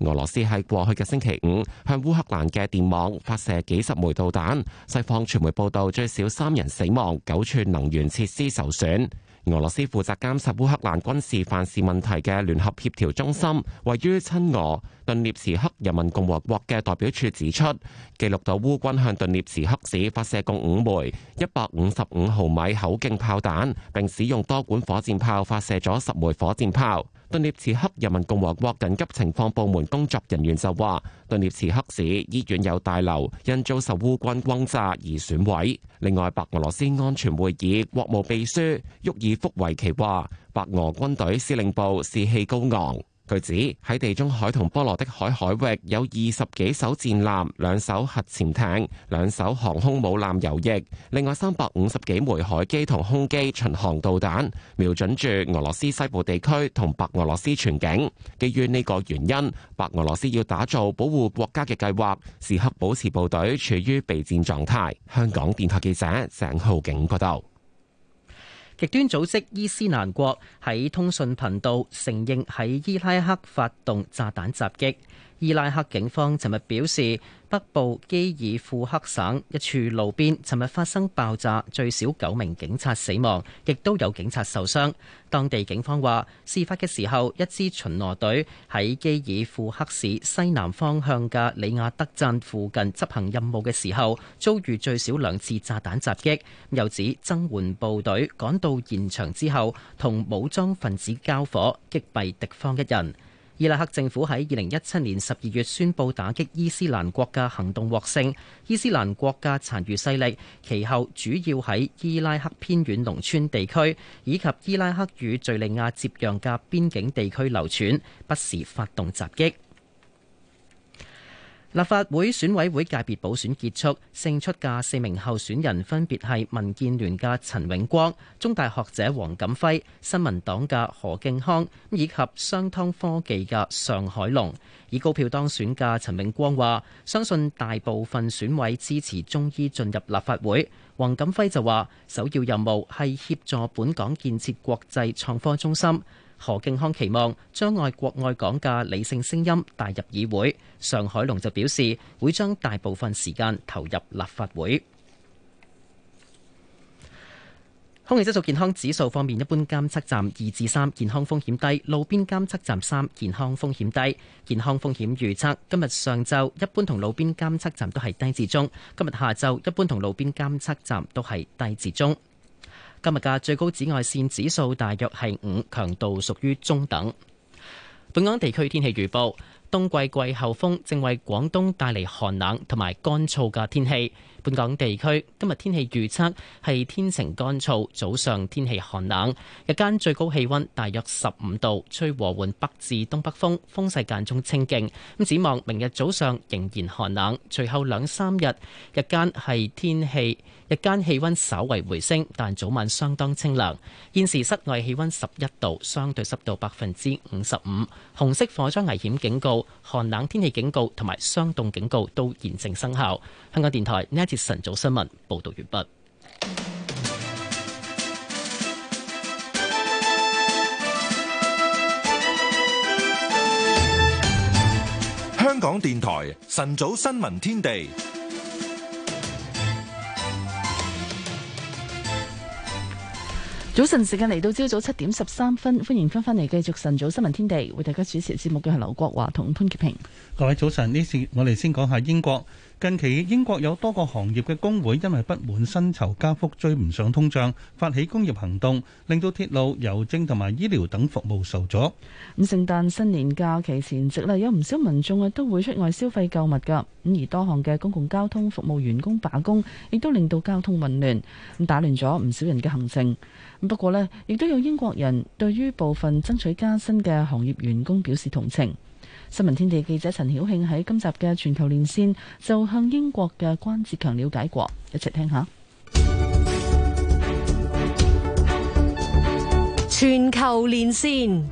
俄羅斯喺過去嘅星期五向烏克蘭嘅電網發射幾十枚導彈。西方傳媒報道最少三人死亡，九處能源設施受損。俄羅斯負責監察烏克蘭軍事犯事問題嘅聯合協調中心位於親俄頓涅茨克人民共和國嘅代表處指出，記錄到烏軍向頓涅茨克市發射共五枚一百五十五毫米口徑炮彈，并使用多管火箭炮發射咗十枚火箭炮。頓涅茨克人民共和國緊急情況部門工作人員就話，頓涅茨克市醫院有大樓因遭受烏軍轟炸而損毀。另外，白俄羅斯安全會議國務秘書沃爾福維奇話，白俄軍隊司令部士氣高昂。據指，喺地中海同波羅的海海域有二十幾艘戰艦、兩艘核潛艇、兩艘航空母艦游弋，另外三百五十幾枚海基同空基巡航導彈瞄準住俄羅斯西部地區同白俄羅斯全境。基於呢個原因，白俄羅斯要打造保護國家嘅計劃，時刻保持部隊處於，處於備戰狀態。香港電台記者鄭浩景報道。極端組織伊斯蘭國喺通訊頻道承認喺伊拉克發動炸彈襲擊。伊拉克警方尋日表示，北部基爾庫克省一處路邊尋日發生爆炸，最少九名警察死亡，亦都有警察受傷。當地警方話，事發嘅時候，一支巡邏隊喺基爾庫克市西南方向嘅里亞德鎮附近執行任務嘅時候，遭遇最少兩次炸彈襲擊。又指增援部隊趕到現場之後，同武裝分子交火，擊斃敵方一人。伊拉克政府喺二零一七年十二月宣布打擊伊斯蘭國家行動獲勝，伊斯蘭國家殘餘勢力其後主要喺伊拉克偏遠農村地區以及伊拉克與敍利亞接壤嘅邊境地區流竄，不時發動襲擊。立法會選委會界別補選結束，勝出嘅四名候選人分別係民建聯嘅陳永光、中大學者黃錦輝、新民黨嘅何敬康，以及商湯科技嘅尚海龍。以高票當選嘅陳永光話：相信大部分選委支持中醫進入立法會。黃錦輝就話：首要任務係協助本港建設國際創科中心。何敬康期望將愛國愛港嘅理性聲音帶入議會。上海龍就表示會將大部分時間投入立法會。空氣質素健康指數方面，一般監測站二至三，健康風險低；路邊監測站三，健康風險低。健康風險預測今日上晝一般同路邊監測站都係低至中。今日下晝一般同路邊監測站都係低至中。今日嘅最高紫外線指數大約係五，強度屬於中等。本港地區天氣預報，冬季季候風正為廣東帶嚟寒冷同埋乾燥嘅天氣。本港地區今日天氣預測係天晴乾燥，早上天氣寒冷，日間最高氣溫大約十五度，吹和緩北至東北風，風勢間中清勁。咁展望明日早上仍然寒冷，隨後兩三日日間係天氣。日間氣温稍為回升，但早晚相當清涼。現時室外氣温十一度，相對濕度百分之五十五。紅色火災危險警告、寒冷天氣警告同埋霜凍警告都現正生效。香港電台呢一節晨早新聞報道完畢。香港電台晨早新聞天地。早晨時間嚟到朝早七點十三分，歡迎翻返嚟繼續晨早新聞天地，為大家主持節目嘅係劉國華同潘潔平。各位早晨，呢次我哋先講下英國。近期英國有多個行業嘅工會因為不滿薪酬加幅追唔上通脹，發起工業行動，令到鐵路、郵政同埋醫療等服務受阻。咁聖誕新年假期前夕咧，例有唔少民眾啊都會出外消費購物噶。咁而多項嘅公共交通服務員工罷工，亦都令到交通混亂，咁打亂咗唔少人嘅行程。不過咧，亦都有英國人對於部分爭取加薪嘅行業員工表示同情。新聞天地記者陳曉慶喺今集嘅全球連線就向英國嘅關志強了解過，一齊聽下。全球連線，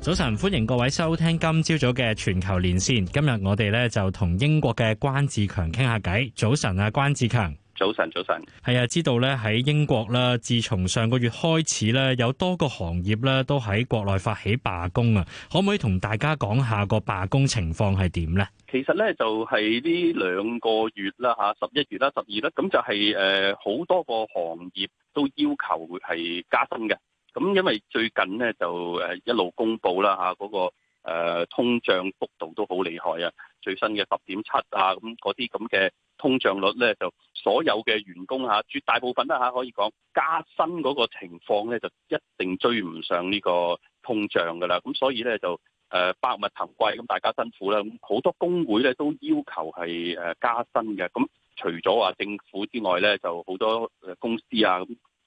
早晨，歡迎各位收聽今朝早嘅全球連線。今日我哋呢就同英國嘅關志強傾下偈。早晨啊，關志強。早晨，早晨。係啊，知道咧，喺英國啦。自從上個月開始咧，有多個行業咧都喺國內發起罷工啊。可唔可以同大家講下個罷工情況係點咧？其實咧就係呢兩個月啦，嚇十一月啦、十二啦，咁就係誒好多個行業都要求係加薪嘅。咁因為最近咧就誒一路公布啦嚇嗰個通脹幅度都好厲害啊。最新嘅十點七啊，咁嗰啲咁嘅通脹率呢，就所有嘅員工嚇絕大部分啦、啊、嚇可以講加薪嗰個情況呢，就一定追唔上呢個通脹噶啦。咁所以呢，就誒百物騰貴，咁大家辛苦啦。咁好多工會呢，都要求係誒加薪嘅。咁除咗話政府之外呢，就好多公司啊，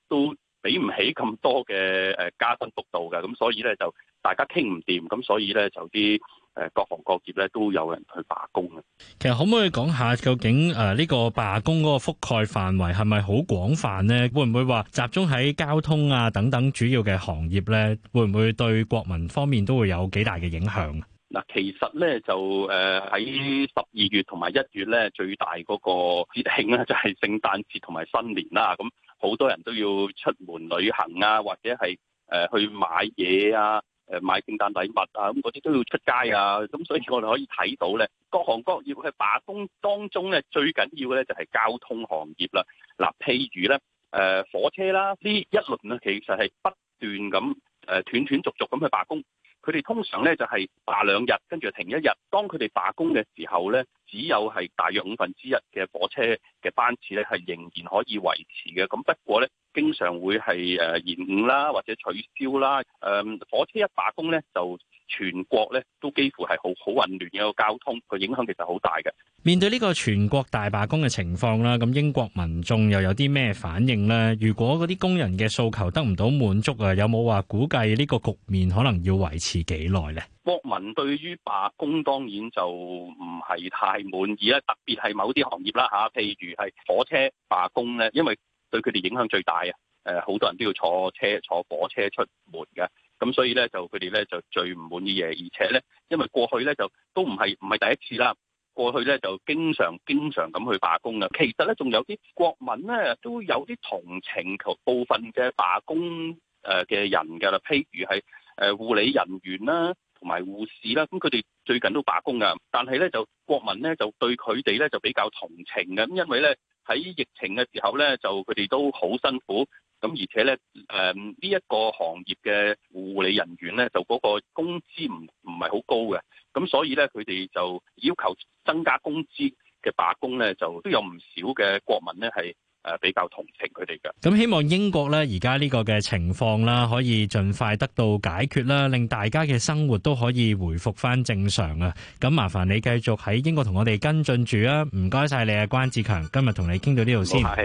都俾唔起咁多嘅誒加薪幅度嘅。咁所以呢，就大家傾唔掂，咁所以呢，就啲。誒，各行各業咧都有人去罷工啊！其實可唔可以講下究竟誒呢個罷工嗰個覆蓋範圍係咪好廣泛呢？會唔會話集中喺交通啊等等主要嘅行業呢？會唔會對國民方面都會有幾大嘅影響啊？嗱，其實呢，就誒喺十二月同埋一月呢，最大嗰個節慶呢，就係聖誕節同埋新年啦。咁好多人都要出門旅行啊，或者係誒去買嘢啊。誒買聖誕禮物啊，咁嗰啲都要出街啊，咁所以我哋可以睇到呢，各行各業去罷工當中呢，最緊要嘅呢就係交通行業啦。嗱、啊，譬如呢，誒、呃、火車啦，呢一輪呢其實係不斷咁誒、呃、斷斷續續咁去罷工。佢哋通常呢就係、是、罷兩日，跟住停一日。當佢哋罷工嘅時候呢，只有係大約五分之一嘅火車嘅班次呢係仍然可以維持嘅。咁不過呢，經常會係誒延誤啦，或者取消啦。誒、嗯、火車一罷工呢，就全國呢都幾乎係好好混亂嘅交通，佢影響其實好大嘅。面對呢個全國大罷工嘅情況啦，咁英國民眾又有啲咩反應呢？如果嗰啲工人嘅訴求得唔到滿足啊，有冇話估計呢個局面可能要維持幾耐呢？國民對於罷工當然就唔係太滿意啦，特別係某啲行業啦吓，譬如係火車罷工呢，因為對佢哋影響最大啊！誒、呃，好多人都要坐車、坐火車出門嘅，咁所以呢，就佢哋呢就最唔滿意嘅。而且呢，因為過去呢，就都唔係唔係第一次啦，過去呢，就經常經常咁去罷工嘅。其實呢，仲有啲國民呢，都有啲同情求部分嘅罷工誒嘅、呃、人㗎啦。譬如係誒護理人員啦、啊，同埋護士啦、啊，咁佢哋最近都罷工㗎。但係呢，就國民呢，就對佢哋呢就比較同情嘅，因為呢，喺疫情嘅時候咧，就佢哋都好辛苦，咁而且咧，誒呢一個行業嘅護理人員咧，就嗰個工資唔唔係好高嘅，咁所以咧，佢哋就要求增加工資嘅罷工咧，就都有唔少嘅國民咧係。誒，比較同情佢哋嘅。咁希望英國呢，而家呢個嘅情況啦，可以盡快得到解決啦，令大家嘅生活都可以回復翻正常啊。咁麻煩你繼續喺英國同我哋跟進住啊。唔該晒你啊，關志強，今日同你傾到呢度先。好，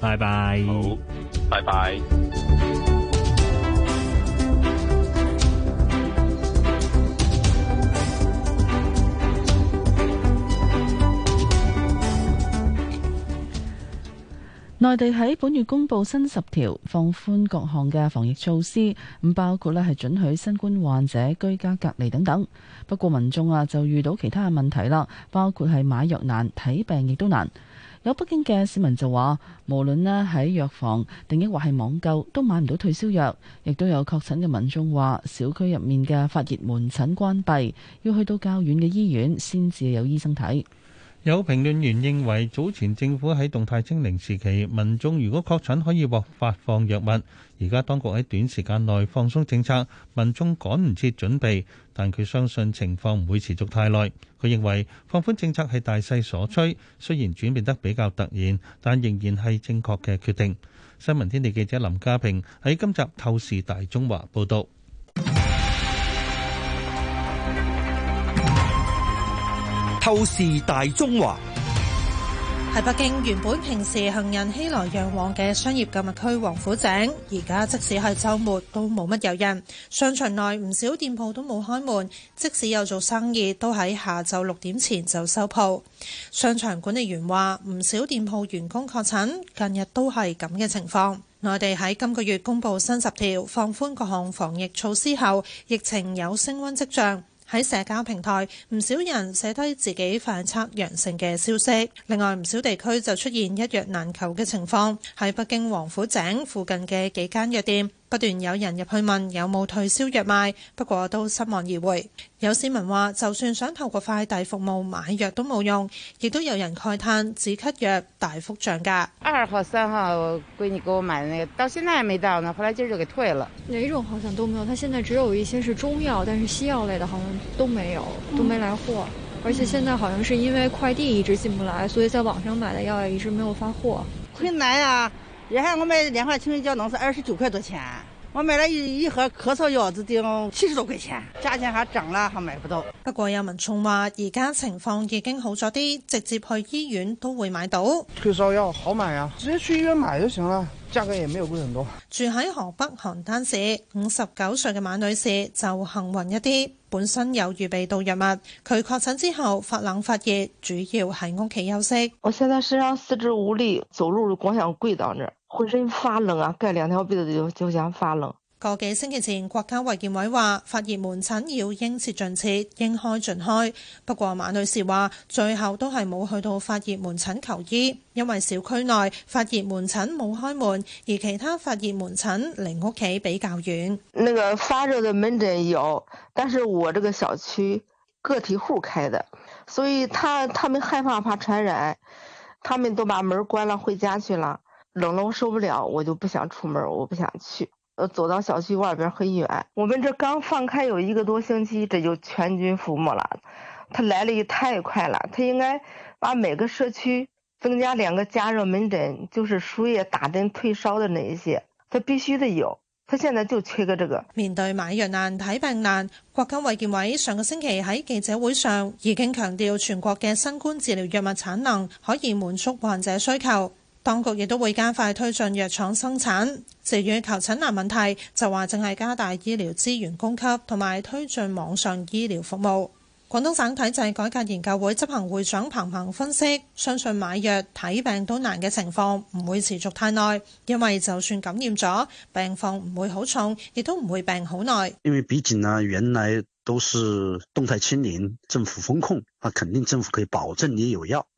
拜拜。好，拜拜。內地喺本月公布新十條，放寬各項嘅防疫措施，咁包括咧係准許新冠患者居家隔離等等。不過民眾啊就遇到其他嘅問題啦，包括係買藥難、睇病亦都難。有北京嘅市民就話，無論咧喺藥房定抑或係網購，都買唔到退燒藥。亦都有確診嘅民眾話，小區入面嘅發熱門診關閉，要去到較遠嘅醫院先至有醫生睇。有評論員認為，早前政府喺動態清零時期，民眾如果確診可以獲發放藥物。而家當局喺短時間內放鬆政策，民眾趕唔切準備，但佢相信情況唔會持續太耐。佢認為放寬政策係大勢所趨，雖然轉變得比較突然，但仍然係正確嘅決定。新聞天地記者林家平喺今集透視大中華報道。透視大中華，喺北京原本平時行人熙來攘往嘅商業購物區王府井，而家即使係周末都冇乜遊人。商場內唔少店鋪都冇開門，即使有做生意，都喺下晝六點前就收鋪。商場管理員話，唔少店鋪員工確診，近日都係咁嘅情況。內地喺今個月公布新十條放寬各項防疫措施後，疫情有升温跡象。喺社交平台，唔少人寫低自己反測陽性嘅消息。另外，唔少地區就出現一藥難求嘅情況。喺北京王府井附近嘅幾間藥店，不斷有人入去問有冇退燒藥賣，不過都失望而回。有市民話，就算想透過快遞服務買藥都冇用，亦都有人慨嘆止咳藥大幅漲價。二號、三號，閨女給我買的那個，到現在還沒到呢。後來今兒就給退了。哪種好像都沒有，它現在只有一些是中藥，但是西藥類的好像都沒有，都沒來貨。嗯，而且現在好像是因為快遞一直進唔來，所以在網上買的藥也一直沒有發貨。困難啊！嗯以前我買的蓮花清瘟膠囊是二十九塊多錢啊。我買了一一盒咳嗽藥子，頂七十多塊錢，價錢還漲啦，還買不到。不過有民眾話，而家情況已經好咗啲，直接去醫院都會買到退燒藥，好買啊，直接去醫院買就行了，價格也沒有貴很多。住喺河北邯鄲市五十九歲嘅馬女士就幸運一啲，本身有預備到藥物。佢確診之後發冷發熱，主要喺屋企休息。我現在身上四肢無力，走路就光想跪到那兒。個幾星期前，國家衛健委話發熱門診要應設盡設，應開盡開。不過馬女士話，最後都係冇去到發熱門診求醫，因為小區內發熱門診冇開門，而其他發熱門診離屋企比較遠。那個發熱的門診有，但是我這個小區個體戶開的，所以他他們害怕怕傳染，他們都把門關了，回家去了。冷了，我受不了，我就不想出門，我不想去。呃，走到小區外邊很遠。我們這剛放開有一個多星期，這就全軍覆沒了。他來了也太快了，他應該把每個社區增加兩個發熱門診，就是輸液、打針、退燒的那一些，他必須得有。他現在就缺個這個。面對買藥難、睇病難，國家衛健委上個星期喺記者會上已經強調，全國嘅新冠治療藥物產能可以滿足患者需求。當局亦都會加快推進藥廠生產，至於求診難問題，就話淨係加大醫療資源供給同埋推進網上醫療服務。廣東省體制改革研究會執行會長彭鵬分析，相信買藥睇病都難嘅情況唔會持續太耐，因為就算感染咗，病況唔會好重，亦都唔會病好耐。因為畢竟呢，原來都是動態清零，政府封控，那肯定政府可以保證你有藥。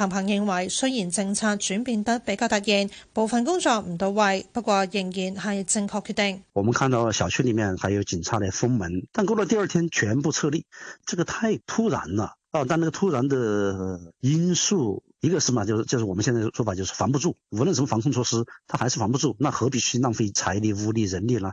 彭彭認為，雖然政策轉變得比較突然，部分工作唔到位，不過仍然係正確決定。我們看到小區裡面還有警察嚟封門，但過了第二天全部撤離，這個太突然了。哦、啊，但那個突然的因素，一個是嘛就是，就是我們現在的說法就是防不住，無論什麼防控措施，他還是防不住，那何必去浪費財力、物力、人力呢？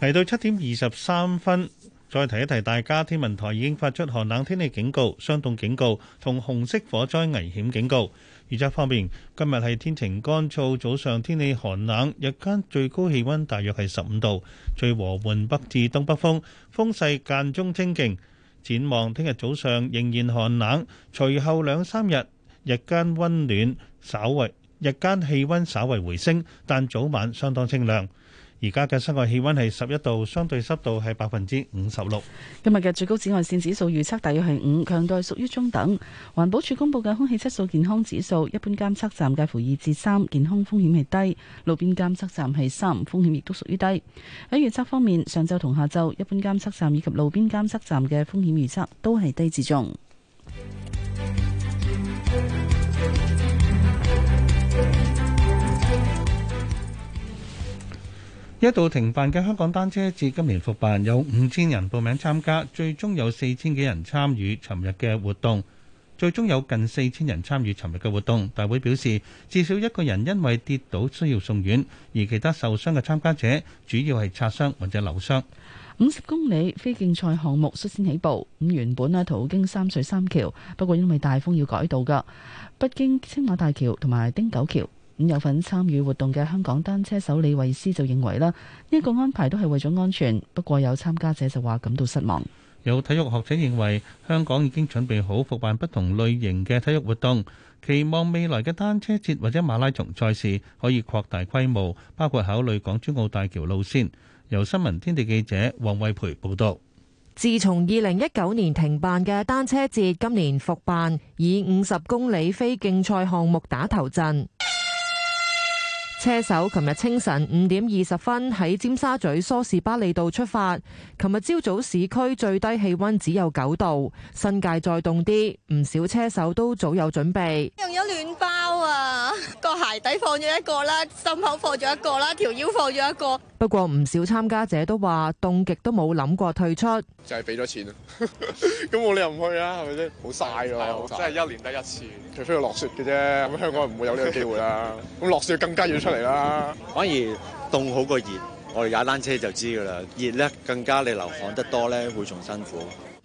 嚟到七點二十三分，再提一提大家，天文台已經發出寒冷天氣警告、霜凍警告同紅色火災危險警告。預測方面，今日係天晴乾燥，早上天氣寒冷，日間最高氣温大約係十五度，吹和緩北至東北風，風勢間中清勁。展望聽日早上仍然寒冷，隨後兩三日日間温暖，稍為日間氣温稍為回升，但早晚相當清涼。而家嘅室外氣温係十一度，相對濕度係百分之五十六。今日嘅最高紫外線指數預測大約係五，強度屬於中等。環保署公布嘅空氣質素健康指數，一般監測站介乎二至三，健康風險係低；路邊監測站係三，風險亦都屬於低。喺預測方面，上晝同下晝一般監測站以及路邊監測站嘅風險預測都係低至中。一度停辦嘅香港單車，至今年復辦，有五千人報名參加，最終有四千幾人參與尋日嘅活動。最終有近四千人參與尋日嘅活動。大會表示，至少一個人因為跌倒需要送院，而其他受傷嘅參加者主要係擦傷或者扭傷。五十公里非競賽項目率先起步，咁原本咧途經三水三橋，不過因為大風要改道㗎，不經青馬大橋同埋丁九橋。咁有份參與活動嘅香港單車手李慧詩就認為啦，呢、這個安排都係為咗安全。不過有參加者就話感到失望。有體育學者認為香港已經準備好復辦不同類型嘅體育活動，期望未來嘅單車節或者馬拉松賽事可以擴大規模，包括考慮港珠澳大橋路線。由新聞天地記者黃慧培報道。自從二零一九年停辦嘅單車節，今年復辦以五十公里非競賽項目打頭陣。車手琴日清晨五點二十分喺尖沙咀梳士巴利道出發。琴日朝早市區最低氣溫只有九度，新界再凍啲，唔少車手都早有準備。用咗暖包啊，個鞋底放咗一個啦，心口放咗一個啦，條腰放咗一個。一個一個。不過唔少參加者都話凍極都冇諗過退出，就係俾咗錢啊，咁我哋又唔去啊，係咪先？好嘥咯，真係一年得一次，除非佢落雪嘅啫，咁香港人唔會有呢個機會啦。咁落 雪更加要。出嚟啦！反而凍好過熱，我哋踩單車就知㗎喇。熱咧，更加你流汗得多咧，會仲辛苦。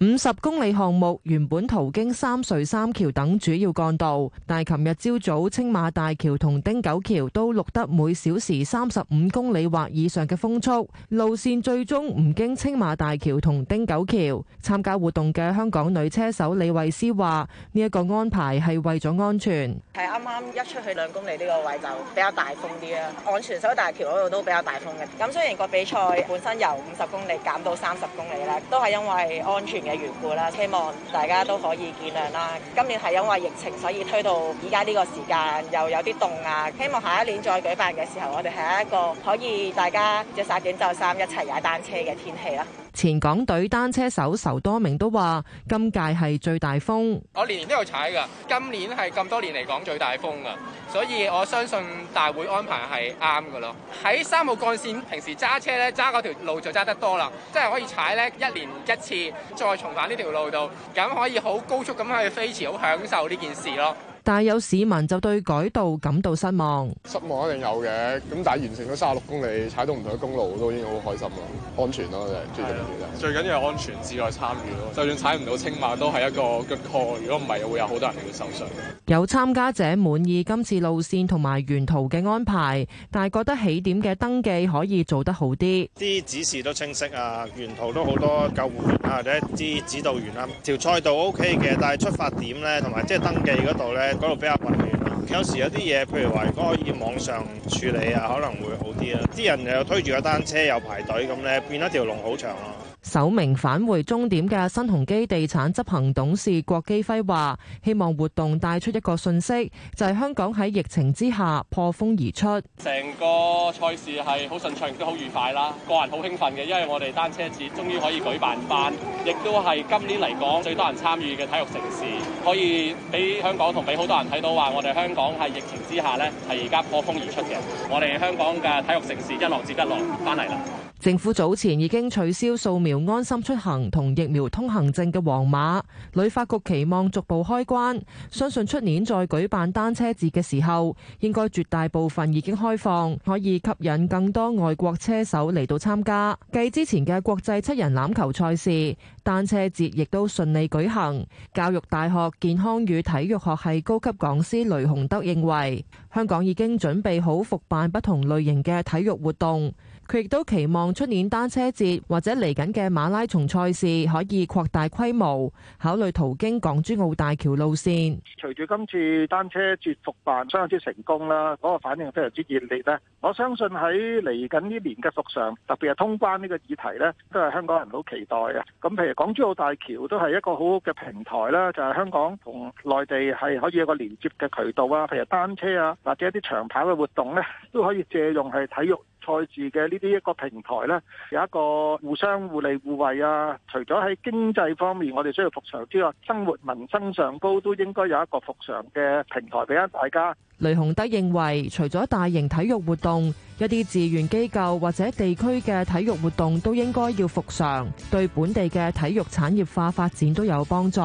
五十公里項目原本途經三隧三橋等主要幹道，但係琴日朝早青馬大橋同汀九橋都錄得每小時三十五公里或以上嘅風速，路線最終唔經青馬大橋同汀九橋。參加活動嘅香港女車手李慧思話：呢一個安排係為咗安全。係啱啱一出去兩公里呢個位就比較大風啲啦，昂船洲大橋嗰度都比較大風嘅。咁雖然個比賽本身由五十公里減到三十公里啦，都係因為安全嘅緣故啦，希望大家都可以見諒啦。今年係因為疫情，所以推到而家呢個時間，又有啲凍啊。希望下一年再舉辦嘅時候，我哋係一個可以大家着晒短袖衫一齊踩單車嘅天氣啦。前港隊單車手仇多明都話，今屆係最大風，我年年都有踩㗎，今年係咁多年嚟講最大風㗎，所以我相信大會安排係啱㗎咯。喺三號幹線平時揸車呢，揸嗰條路就揸得多啦，即係可以踩呢一年一次，再重返呢條路度，咁可以好高速咁去飛馳，好享受呢件事咯。但係有市民就對改道感到失望，失望一定有嘅。咁但係完成咗三十六公里，踩到唔同嘅公路都已經好開心啦，安全咯，最緊要嘅。最緊要係安全，自願參與咯。就算踩唔到青馬，都係一個 good call。如果唔係，會有好多人會受傷。有參加者滿意今次路線同埋沿途嘅安排，但係覺得起點嘅登記可以做得好啲。啲指示都清晰啊，沿途都好多救護員啊或者啲指導員啊，條賽道 OK 嘅，但係出發點咧同埋即係登記嗰度咧。嗰度比較混亂，有時有啲嘢，譬如話如果可以網上處理啊，可能會好啲啊。啲人又推住個單車又排隊咁咧，變咗條龍好長咯。首名返回終點嘅新鴻基地產執行董事郭基輝話，希望活動帶出一個信息，就係香港喺疫情之下破風而出。成個賽事係好順暢亦都好愉快啦。個人好興奮嘅，因為我哋單車節終於可以舉辦翻，亦都係今年嚟講最多人參與嘅體育城市，可以俾香港同俾好多人睇到話，我哋香港係疫情之下咧，係而家破風而出嘅。我哋香港嘅體育城市一浪接一浪翻嚟啦。政府早前已經取消掃描安心出行同疫苗通行證嘅黃碼，旅發局期望逐步開關，相信出年再舉辦單車節嘅時候，應該絕大部分已經開放，可以吸引更多外國車手嚟到參加。繼之前嘅國際七人欖球賽事，單車節亦都順利舉行。教育大學健康與體育學系高級講師雷洪德認為，香港已經準備好復辦不同類型嘅體育活動。佢亦都期望出年單車節或者嚟緊嘅馬拉松賽事可以擴大規模，考慮途經港珠澳大橋路線。隨住今次單車節復辦相當之成功啦，嗰、那個反應非常之熱烈咧。我相信喺嚟緊呢年嘅復常，特別係通關呢個議題咧，都係香港人好期待嘅。咁譬如港珠澳大橋都係一個好好嘅平台啦，就係、是、香港同內地係可以有個連接嘅渠道啊。譬如單車啊，或者一啲長跑嘅活動咧，都可以借用係體育賽事嘅呢啲一個平台咧，有一個互相互利互惠啊！除咗喺經濟方面，我哋需要復常之外，生活民生上高都應該有一個復常嘅平台俾翻大家。雷洪德認為，除咗大型體育活動，一啲志願機構或者地區嘅體育活動都應該要復常，對本地嘅體育產業化發展都有幫助。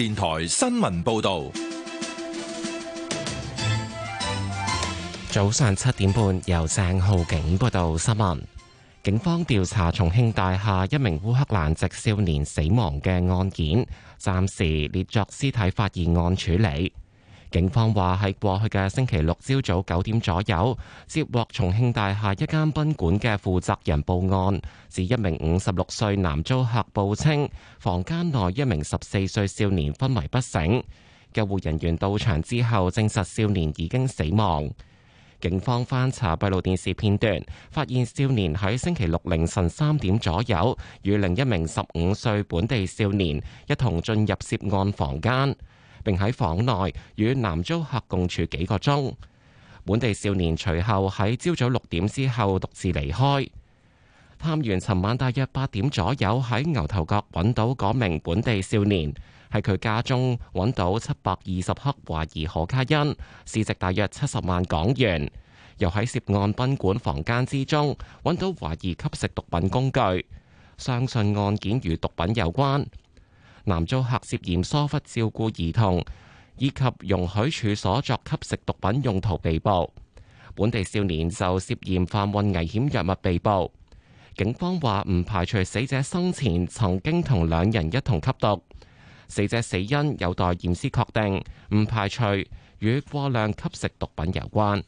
電台新聞報道，早上七點半由鄭浩景報道新聞。警方調查重慶大廈一名烏克蘭籍少年死亡嘅案件，暫時列作屍體發現案處理。警方話：喺過去嘅星期六朝早九點左右，接獲重慶大廈一間賓館嘅負責人報案，指一名五十六歲男租客報稱，房間內一名十四歲少年昏迷不醒。救護人員到場之後，證實少年已經死亡。警方翻查閉路電視片段，發現少年喺星期六凌晨三點左右，與另一名十五歲本地少年一同進入涉案房間。並喺房內與男租客共處幾個鐘，本地少年隨後喺朝早六點之後獨自離開。探員尋晚大約八點左右喺牛頭角揾到嗰名本地少年，喺佢家中揾到七百二十克懷疑可卡因，市值大約七十萬港元。又喺涉案賓館房間之中揾到懷疑吸食毒品工具，相信案件與毒品有關。男租客涉嫌疏忽照顧兒童，以及容許處所作吸食毒品用途被捕。本地少年就涉嫌販運危險藥物被捕。警方話唔排除死者生前曾經同兩人一同吸毒。死者死因有待驗屍確定，唔排除與過量吸食毒品有關。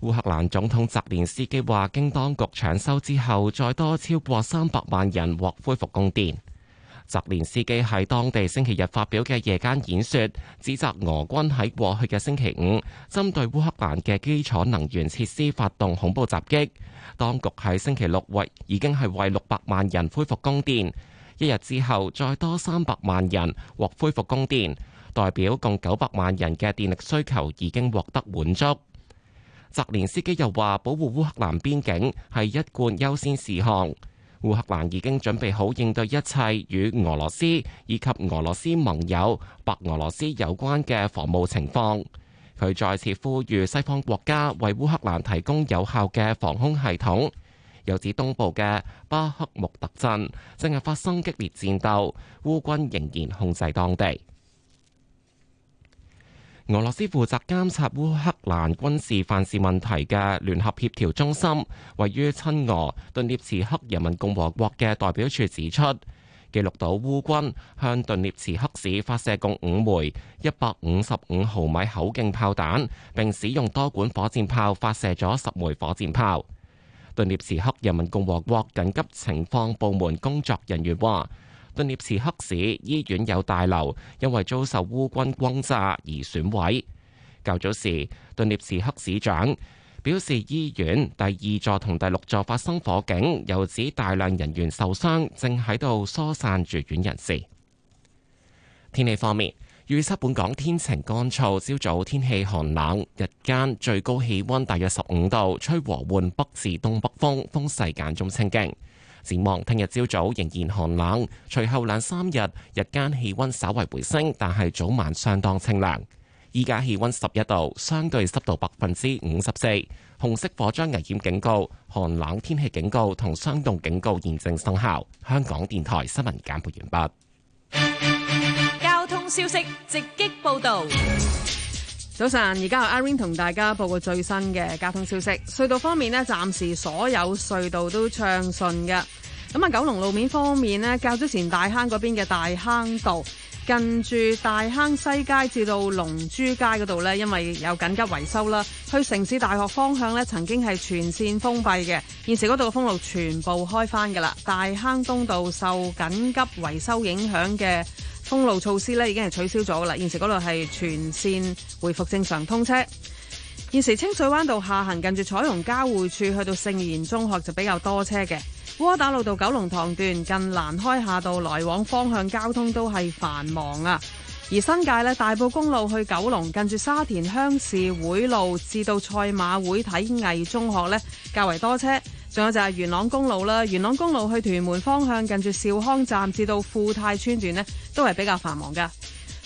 烏克蘭總統澤連斯基話：經當局搶修之後，再多超過三百萬人獲恢復供電。澤連斯基喺當地星期日發表嘅夜間演說，指責俄軍喺過去嘅星期五針對烏克蘭嘅基礎能源設施發動恐怖襲擊。當局喺星期六為已經係為六百萬人恢復供電，一日之後再多三百萬人獲恢復供電，代表共九百萬人嘅電力需求已經獲得滿足。澤連斯基又話：保護烏克蘭邊境係一貫優先事項。烏克蘭已經準備好應對一切與俄羅斯以及俄羅斯盟友、白俄羅斯有關嘅防務情況。佢再次呼籲西方國家為烏克蘭提供有效嘅防空系統。又指東部嘅巴克木特鎮正係發生激烈戰鬥，烏軍仍然控制當地。俄羅斯負責監察烏克蘭軍事犯事問題嘅聯合協調中心，位於親俄頓涅茨克人民共和國嘅代表處指出，記錄到烏軍向頓涅茨克市發射共五枚一百五十五毫米口徑炮彈，並使用多管火箭炮發射咗十枚火箭炮。頓涅茨克人民共和國緊急情況部門工作人員話。頓涅茨克市醫院有大樓因為遭受烏軍轟炸而損毀。較早時，頓涅茨克市長表示，醫院第二座同第六座發生火警，又指大量人員受傷，正喺度疏散住院人士。天氣方面，預測本港天晴乾燥，朝早天氣寒冷，日間最高氣溫大約十五度，吹和緩北至東北風，風勢間中清勁。展望聽日朝早仍然寒冷，隨後兩三日日間氣温稍為回升，但係早晚相當清涼。依家氣温十一度，相對濕度百分之五十四。紅色火災危險警告、寒冷天氣警告同霜凍警告現正生效。香港電台新聞簡報完畢。交通消息直擊報導。早晨，而家阿 r i n g 同大家報告最新嘅交通消息。隧道方面呢，暫時所有隧道都暢順嘅。咁啊，九龍路面方面呢，教之前大坑嗰邊嘅大坑道，近住大坑西街至到龍珠街嗰度呢，因為有緊急維修啦。去城市大學方向呢，曾經係全線封閉嘅，現時嗰度嘅封路全部開翻噶啦。大坑東道受緊急維修影響嘅。封路措施咧，已經係取消咗噶啦。現時嗰度係全線回復正常通車。現時清水灣道下行近住彩虹交匯處，去到聖賢中學就比較多車嘅。窩打老道九龍塘段近蘭開夏道來往方向交通都係繁忙啊。而新界咧，大埔公路去九龍近住沙田鄉事會路至到賽馬會體藝中學咧，較為多車。仲有就係元朗公路啦，元朗公路去屯門方向近住兆康站至到富泰村段呢，都係比較繁忙噶。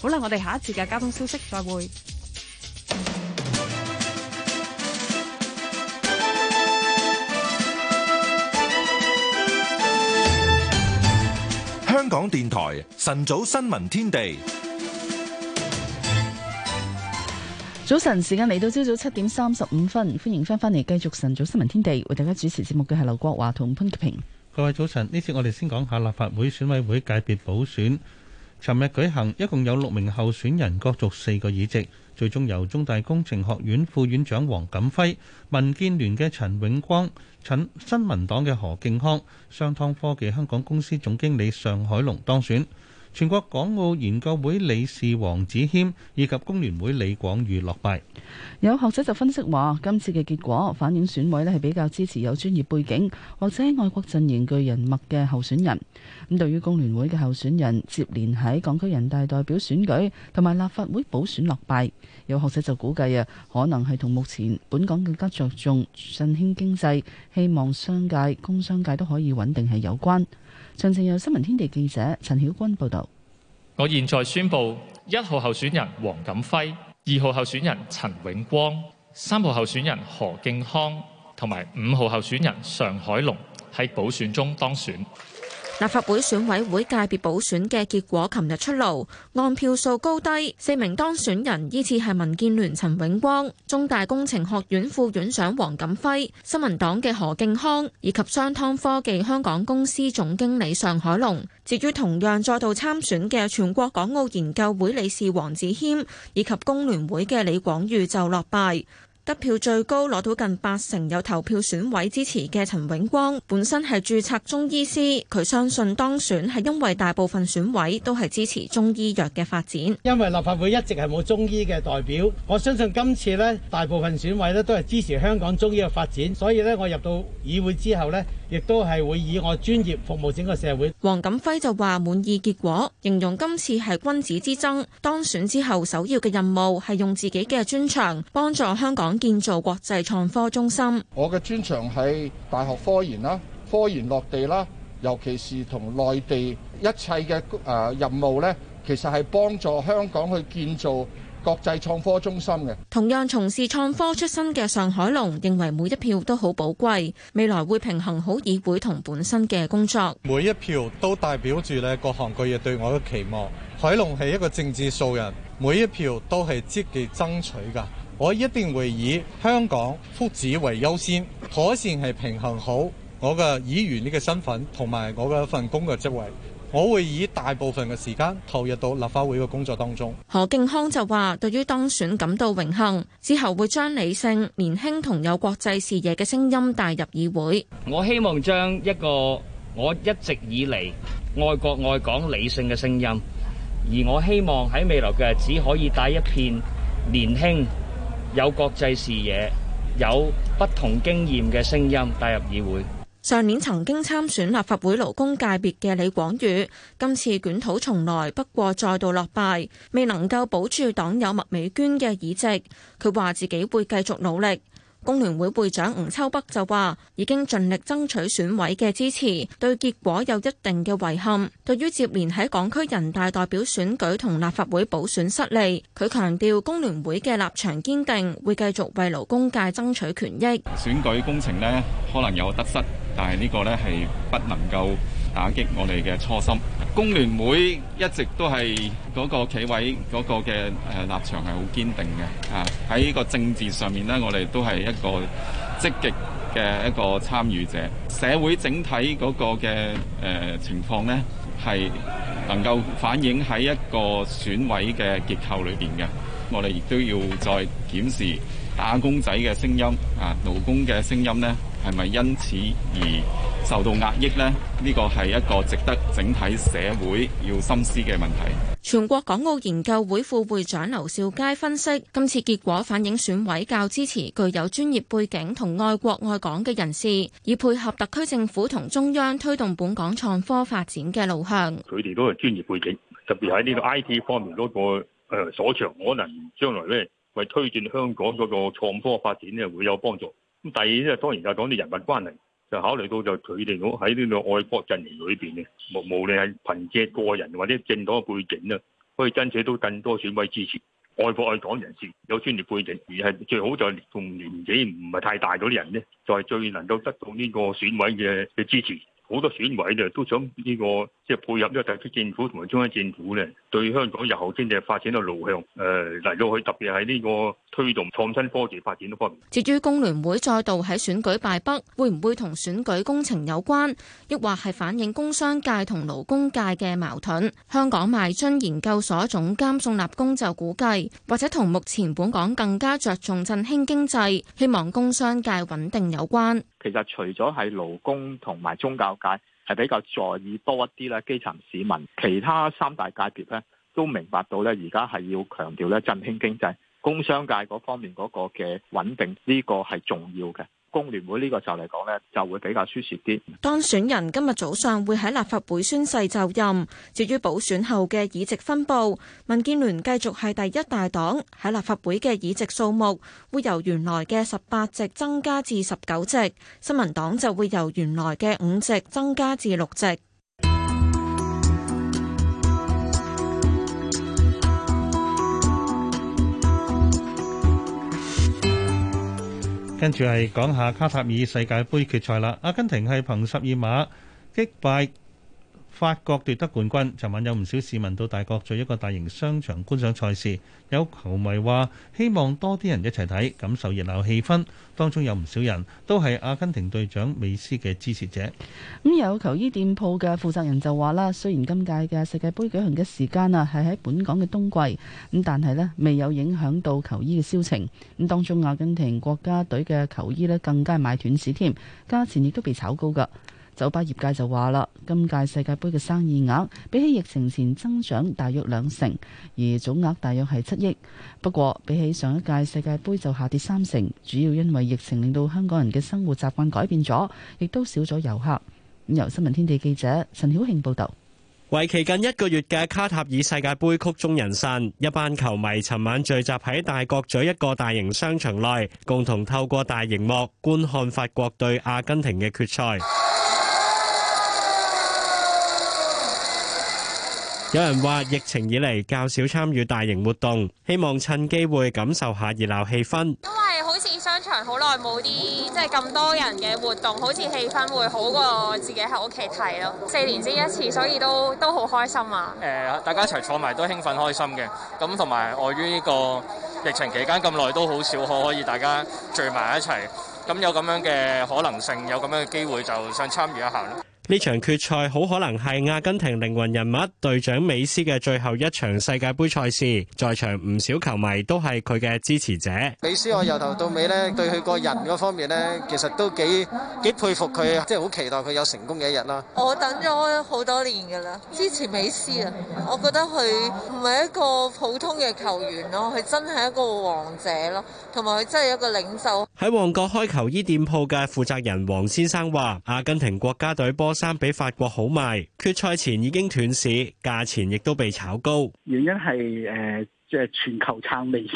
好啦，我哋下一節嘅交通消息再會。香港電台晨早新聞天地。早晨，時間嚟到朝早七點三十五分，歡迎翻返嚟繼續晨早新聞天地，為大家主持節目嘅係劉國華同潘潔平。各位早晨，呢次我哋先講下立法會選委會界別補選，尋日舉行，一共有六名候選人角逐四個議席，最終由中大工程學院副院長黃錦輝、民建聯嘅陳永光、陳新民黨嘅何敬康、商湯科技香港公司總經理尚海龍當選。全國港澳研究會理事黃子謙以及工聯會李廣宇落敗。有學者就分析話，今次嘅結果反映選委咧係比較支持有專業背景或者外國陣營巨人脈嘅候選人。咁對於工聯會嘅候選人接連喺港區人大代表選舉同埋立法會補選落敗，有學者就估計啊，可能係同目前本港更加着重振興經濟，希望商界、工商界都可以穩定係有關。詳情有新聞天地記者陳曉君報道。我現在宣布，一號候選人黃錦輝，二號候選人陳永光，三號候選人何敬康，同埋五號候選人尚海龍喺補選中當選。立法會選委會界別補選嘅結果，琴日出爐，按票數高低，四名當選人依次係民建聯陳永光、中大工程學院副院長黃錦輝、新民黨嘅何敬康以及商湯科技香港公司總經理尚海龍。至於同樣再度參選嘅全國港澳研究會理事王子謙以及工聯會嘅李廣裕就落敗。得票最高攞到近八成有投票選委支持嘅陳永光，本身係註冊中醫師，佢相信當選係因為大部分選委都係支持中醫藥嘅發展。因為立法會一直係冇中醫嘅代表，我相信今次咧大部分選委咧都係支持香港中醫嘅發展，所以咧我入到議會之後咧，亦都係會以我專業服務整個社會，黃錦輝就話滿意結果，形容今次係君子之爭。當選之後首要嘅任務係用自己嘅專長幫助香港。建造國際創科中心。我嘅專長係大學科研啦、科研落地啦，尤其是同內地一切嘅誒任務呢，其實係幫助香港去建造國際創科中心嘅。同樣從事創科出身嘅上海龍認為每一票都好寶貴，未來會平衡好議會同本身嘅工作。每一票都代表住呢各行各業對我嘅期望。海龍係一個政治素人，每一票都係積極爭取噶。我一定會以香港福祉為優先，妥善係平衡好我嘅議員呢個身份同埋我嘅一份工嘅職位。我會以大部分嘅時間投入到立法會嘅工作當中。何敬康就話，對於當選感到榮幸，之後會將理性、年輕同有國際視野嘅聲音帶入議會。我希望將一個我一直以嚟愛國愛港理性嘅聲音，而我希望喺未來嘅日子可以帶一片年輕。有國際視野、有不同經驗嘅聲音帶入議會。上年曾經參選立法會勞工界別嘅李廣宇，今次捲土重來，不過再度落敗，未能夠保住黨友麥美娟嘅議席。佢話自己會繼續努力。工聯會會長吳秋北就話，已經盡力爭取選委嘅支持，對結果有一定嘅遺憾。對於接連喺港區人大代表選舉同立法會補選失利，佢強調工聯會嘅立場堅定，會繼續為勞工界爭取權益。選舉工程呢，可能有得失，但係呢個呢係不能夠。打擊我哋嘅初心，工聯會一直都係嗰個企位嗰個嘅誒立場係好堅定嘅。啊，喺個政治上面呢，我哋都係一個積極嘅一個參與者。社會整體嗰個嘅誒、呃、情況呢，係能夠反映喺一個選委嘅結構裏邊嘅。我哋亦都要再檢視打工仔嘅聲音，啊，勞工嘅聲音呢。係咪因此而受到壓抑呢？呢個係一個值得整體社會要深思嘅問題。全國港澳研究會副會長劉兆佳分析，今次結果反映選委較支持具有專業背景同愛國愛港嘅人士，以配合特區政府同中央推動本港創科發展嘅路向。佢哋都係專業背景，特別喺呢個 IT 方面嗰個誒所長，可能將來呢為推進香港嗰個創科發展咧會有幫助。咁第二咧，當然就講啲人物關係，就考慮到就佢哋喺呢個愛國陣營裏邊嘅，無無論係憑藉個人或者政黨背景啦，可以爭取到更多選委支持。愛國愛港人士有專業背景，而係最好就同年紀唔係太大嗰啲人咧，再、就係、最能夠得到呢個選委嘅嘅支持。好多選委咧都想呢個即係配合呢個特區政府同埋中央政府咧，對香港日後經濟發展嘅路向，誒嚟到去特別喺呢個推動創新科技發展嘅方面。至於工聯會再度喺選舉敗北，會唔會同選舉工程有關，抑或係反映工商界同勞工界嘅矛盾？香港邁進研究所總監宋立功就估計，或者同目前本港更加著重振興經濟，希望工商界穩定有關。其實除咗係勞工同埋宗教界係比較在意多一啲咧，基層市民，其他三大界別咧都明白到咧，而家係要強調咧振興經濟，工商界嗰方面嗰個嘅穩定呢個係重要嘅。工聯會呢個就嚟講呢，就會比較舒適啲。當選人今日早上會喺立法會宣誓就任。至於補選後嘅議席分佈，民建聯繼續係第一大黨，喺立法會嘅議席數目會由原來嘅十八席增加至十九席。新民黨就會由原來嘅五席增加至六席。跟住係講下卡塔爾世界杯決賽啦，阿根廷係憑十二碼擊敗。法國奪得冠軍，昨晚有唔少市民到大角咀一個大型商場觀賞賽事，有球迷話希望多啲人一齊睇，感受熱鬧氣氛。當中有唔少人都係阿根廷隊長美斯嘅支持者。咁、嗯、有球衣店鋪嘅負責人就話啦，雖然今屆嘅世界杯舉行嘅時間啊係喺本港嘅冬季，咁但係咧未有影響到球衣嘅銷情。咁當中阿根廷國家隊嘅球衣咧更加係賣斷市添，價錢亦都被炒高噶。酒吧業界就話啦，今屆世界盃嘅生意額比起疫情前增長大約兩成，而總額大約係七億。不過比起上一屆世界盃就下跌三成，主要因為疫情令到香港人嘅生活習慣改變咗，亦都少咗遊客。咁由新聞天地記者陳曉慶報道。為期近一個月嘅卡塔爾世界盃曲終人散，一班球迷尋晚聚集喺大角咀一個大型商場內，共同透過大熒幕觀看法國對阿根廷嘅決賽。有人話疫情以嚟，較少參與大型活動，希望趁機會感受下熱鬧氣氛。因為好似商場好耐冇啲，即係咁多人嘅活動，好似氣氛會好過自己喺屋企睇咯。四年先一次，所以都都好開心啊！誒，大家一齊坐埋都興奮開心嘅。咁同埋，礙於呢個疫情期間咁耐都好少可可以大家聚埋一齊，咁有咁樣嘅可能性，有咁樣嘅機會，就想參與一下咯。呢場決賽好可能係阿根廷靈魂人物隊長美斯嘅最後一場世界杯賽事，在場唔少球迷都係佢嘅支持者。美斯我由頭到尾咧，對佢個人嗰方面咧，其實都幾幾佩服佢，啊，即係好期待佢有成功嘅一日啦。我等咗好多年噶啦，支持美斯啊！我覺得佢唔係一個普通嘅球員咯，佢真係一個王者咯，同埋佢真係一個領袖。喺旺角開球衣店鋪嘅負責人黃先生話，阿根廷國家隊波。衫比法國好賣，決賽前已經斷市，價錢亦都被炒高。原因係誒。即係全球撐你，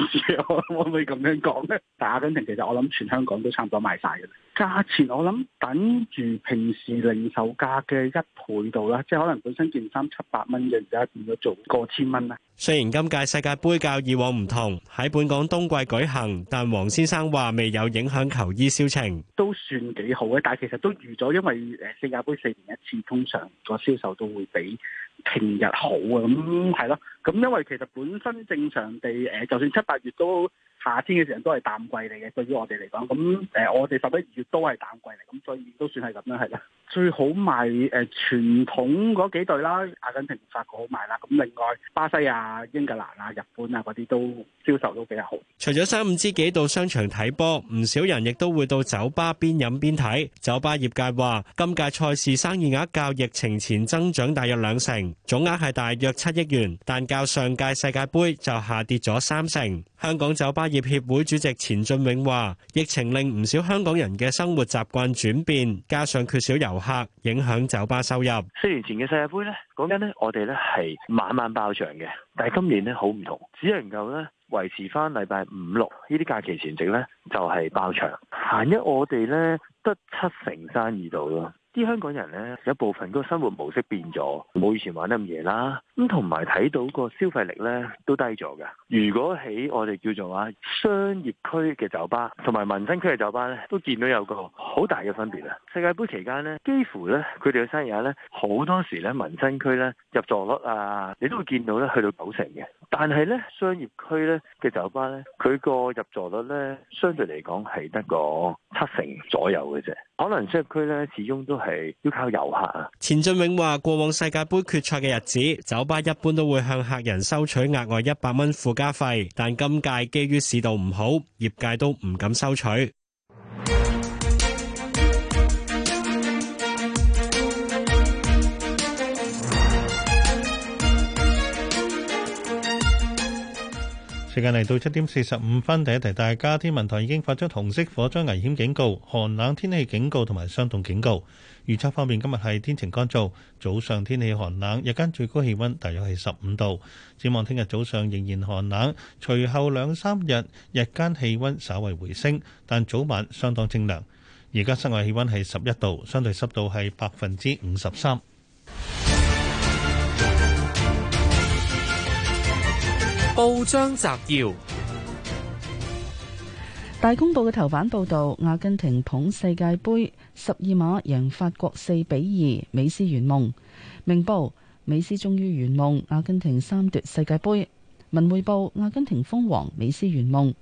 我可唔可以咁樣講咧？但阿根廷其實我諗全香港都差唔多賣曬嘅。價錢我諗等住平時零售價嘅一倍度啦，即係可能本身件衫七百蚊嘅，而家變咗做過千蚊啦。雖然今屆世界盃較以往唔同，喺本港冬季舉行，但黃先生話未有影響球衣銷情，都算幾好嘅。但係其實都預咗，因為誒世界盃四年一次，通常個銷售都會比。平日好啊，咁係咯，咁因為其實本身正常地，誒，就算七八月都。夏天嘅時候都係淡季嚟嘅，對於我哋嚟講，咁誒我哋十一、二月都係淡季嚟，咁所以都算係咁樣係啦。最好賣誒傳統嗰幾隊啦，阿根廷、法國好賣啦，咁另外巴西啊、英格蘭啊、日本啊嗰啲都銷售都比較好。除咗三五知己到商場睇波，唔少人亦都會到酒吧邊飲邊睇。酒吧業界話，今屆賽事生意額較疫情前增長大約兩成，總額係大約七億元，但較上屆世界盃就下跌咗三成。香港酒吧業協會主席錢俊永話：疫情令唔少香港人嘅生活習慣轉變，加上缺少遊客，影響酒吧收入。四年前嘅世界盃呢，講緊呢，我哋呢係晚晚爆場嘅，但係今年呢好唔同，只能夠呢維持翻禮拜五六呢啲假期前夕呢，就係爆場。行一我哋呢得七成生意度咯。啲香港人呢，有部分個生活模式變咗，冇以前玩得咁夜啦。咁同埋睇到個消費力呢都低咗嘅。如果喺我哋叫做話商業區嘅酒吧，同埋民生區嘅酒吧呢，都見到有個好大嘅分別啊！世界盃期間呢，幾乎呢，佢哋嘅生意呢，好多時呢，民生區呢入座率啊，你都會見到呢去到九成嘅。但係呢，商業區呢嘅酒吧呢，佢個入座率呢，相對嚟講係得個七成左右嘅啫。可能商業區咧，始終都係要靠遊客啊。錢俊永話，過往世界盃決賽嘅日子，酒吧一般都會向客人收取額外一百蚊附加費，但今屆基於市道唔好，業界都唔敢收取。時間嚟到七點四十五分，第一題，大家天文台已經發出紅色火災危險警告、寒冷天氣警告同埋霜凍警告。預測方面，今日係天晴乾燥，早上天氣寒冷，日間最高氣溫大約係十五度。展望聽日早上仍然寒冷，隨後兩三日日間氣溫稍為回升，但早晚相當清涼。而家室外氣溫係十一度，相對濕度係百分之五十三。報章摘要：大公報嘅頭版報道，阿根廷捧世界杯，十二碼贏法國四比二，美斯圓夢。明報：美斯終於圓夢，阿根廷三奪世界杯。文匯報：阿根廷封王，美斯圓夢。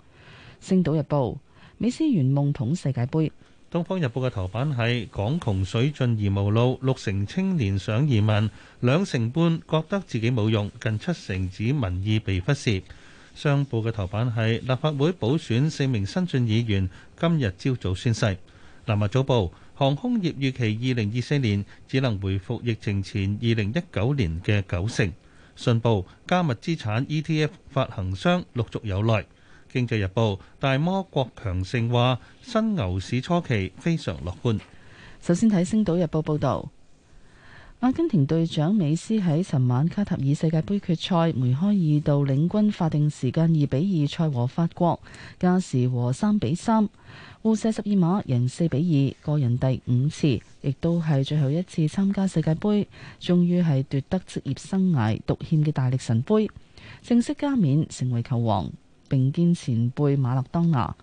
星島日報：美斯圓夢捧世界杯。《東方日報》嘅頭版係《港窮水盡而無路》，六成青年想移民，兩成半覺得自己冇用，近七成指民意被忽視。商報嘅頭版係立法會補選四名新進議員今日朝早宣誓。《南華早報》，航空業預期二零二四年只能回復疫情前二零一九年嘅九成。信報，加密資產 ETF 發行商陸續有來。《經濟日報》大摩國強盛話：新牛市初期非常樂觀。首先睇《星島日報》報道，阿根廷隊長美斯喺尋晚卡塔爾世界盃決賽梅開二度，領軍法定時間二比二賽和法國，加時和三比三，互射十二碼贏四比二，個人第五次，亦都係最後一次參加世界盃，終於係奪得職業生涯獨欠嘅大力神杯，正式加冕成為球王。並肩前輩馬勒當拿，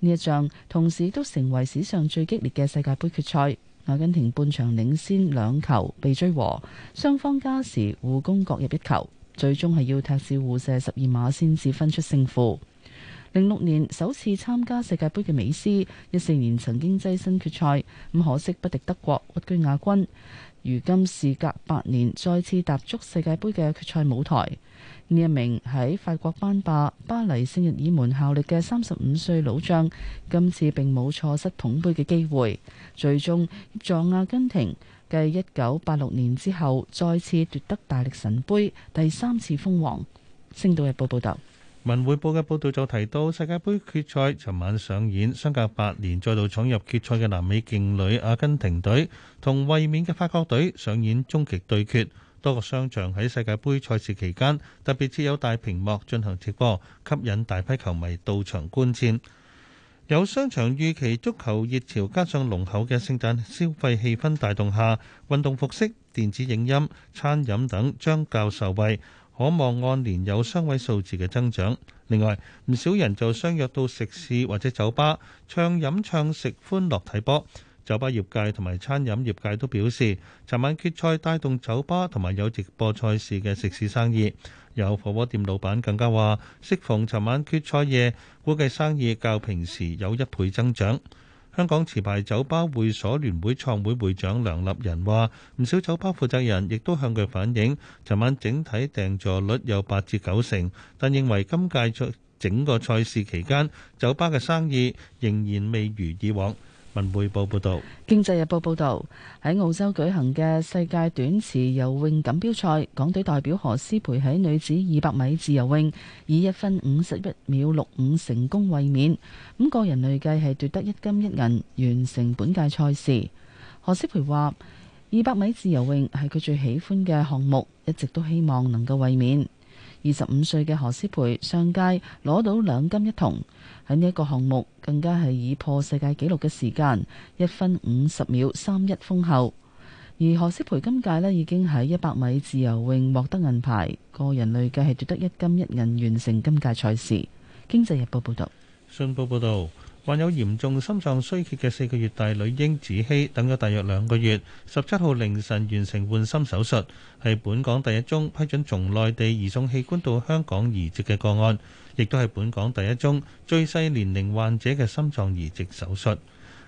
呢一仗同時都成為史上最激烈嘅世界盃決賽。阿根廷半場領先兩球被追和，雙方加時互攻各入一球，最終係要踢少互射十二碼先至分出勝負。零六年首次參加世界盃嘅美斯，一四年曾經躋身決賽，咁可惜不敵德國屈居亞軍。如今時隔八年再次踏足世界盃嘅決賽舞台。呢一名喺法國班霸巴黎聖日耳門效力嘅三十五歲老將，今次並冇錯失捧杯嘅機會，最終協助阿根廷繼一九八六年之後，再次奪得大力神杯，第三次封王。星島日報報導，文匯報嘅報導就提到，世界盃決賽尋晚上演，相隔八年再度闖入決賽嘅南美勁旅阿根廷隊，同衛冕嘅法國隊上演終極對決。多個商場喺世界盃賽事期間，特別設有大屏幕進行直播，吸引大批球迷到場觀戰。有商場預期足球熱潮加上濃厚嘅聖誕消費氣氛帶動下，運動服飾、電子影音、餐飲等將較受惠，可望按年有雙位數字嘅增長。另外，唔少人就相約到食肆或者酒吧暢飲暢食，歡樂睇波。酒吧業界同埋餐飲業界都表示，尋晚決賽帶動酒吧同埋有直播賽事嘅食肆生意。有火鍋店老闆更加話，適逢尋晚決賽夜，估計生意較平時有一倍增長。香港持牌酒吧會所聯會創會會長梁立仁話，唔少酒吧負責人亦都向佢反映，尋晚整體訂座率有八至九成，但認為今屆賽整個賽事期間，酒吧嘅生意仍然未如以往。文匯報報道，經濟日報報道，喺澳洲舉行嘅世界短池游泳錦標賽，港隊代表何詩蓓喺女子二百米自由泳以一分五十一秒六五成功衛冕，咁個人累計係奪得一金一銀，完成本屆賽事。何詩蓓話：二百米自由泳係佢最喜歡嘅項目，一直都希望能夠衛冕。二十五歲嘅何詩蓓上屆攞到兩金一銅。喺呢一個項目更加係以破世界紀錄嘅時間一分五十秒三一封后，而何詩蓓今屆咧，已經喺一百米自由泳獲得銀牌，個人累計係奪得一金一銀，完成今屆賽事。經濟日報報道，信報報道，患有嚴重心臟衰竭嘅四個月大女嬰芷希，等咗大約兩個月，十七號凌晨完成換心手術，係本港第一宗批准從內地移送器官到香港移植嘅個案。亦都係本港第一宗最細年齡患者嘅心臟移植手術。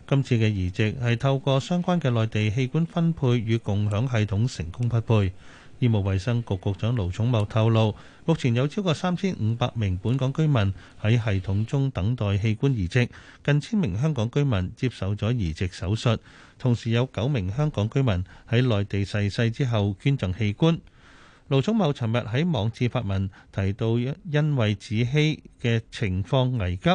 今次嘅移植係透過相關嘅內地器官分配與共享系統成功匹配。醫務衛生局局長盧寵茂透露，目前有超過三千五百名本港居民喺系統中等待器官移植，近千名香港居民接受咗移植手術，同時有九名香港居民喺內地逝世之後捐贈器官。盧寵茂尋日喺網誌發文提到，因因為子熙嘅情況危急，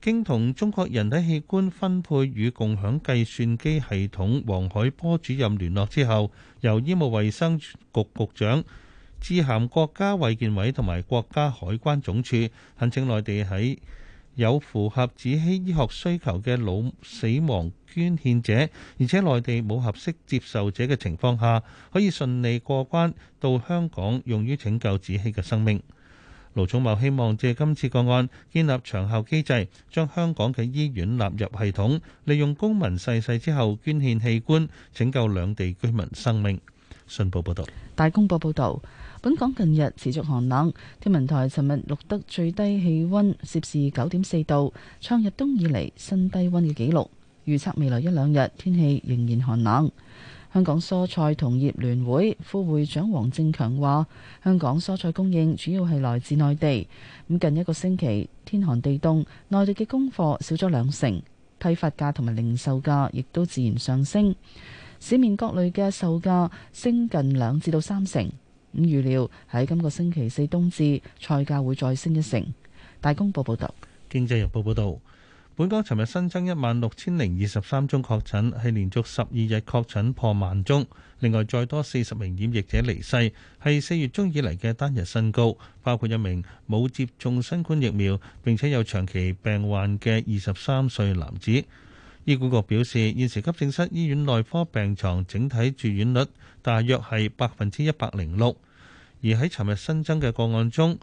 經同中國人體器官分配與共享計算機系統黃海波主任聯絡之後，由醫務衛生局局長致函國家衛健委同埋國家海關總署，懇請內地喺有符合子希醫學需求嘅腦死亡捐獻者，而且內地冇合適接受者嘅情況下，可以順利過關到香港，用於拯救子希嘅生命。盧寵茂希望借今次個案，建立長效機制，將香港嘅醫院納入系統，利用公民逝世之後捐獻器官，拯救兩地居民生命。信報報道。大公報報導。本港近日持續寒冷，天文台尋日錄得最低氣温攝氏九點四度，創入冬以嚟新低温嘅紀錄。預測未來一兩日天氣仍然寒冷。香港蔬菜同業聯會副會長黃正強話，香港蔬菜供應主要係來自內地，咁近一個星期天寒地凍，內地嘅供貨少咗兩成，批發價同埋零售價亦都自然上升，市面各類嘅售價升近兩至到三成。預料喺今個星期四冬至，菜價會再升一成。大公報報道，《經濟日報》報道，本港尋日新增一萬六千零二十三宗確診，係連續十二日確診破萬宗。另外，再多四十名染疫者離世，係四月中以嚟嘅單日新高，包括一名冇接種新冠疫苗並且有長期病患嘅二十三歲男子。醫管局表示，現時急症室、醫院內科病床整體住院率大約係百分之一百零六。而喺尋日新增嘅個案中，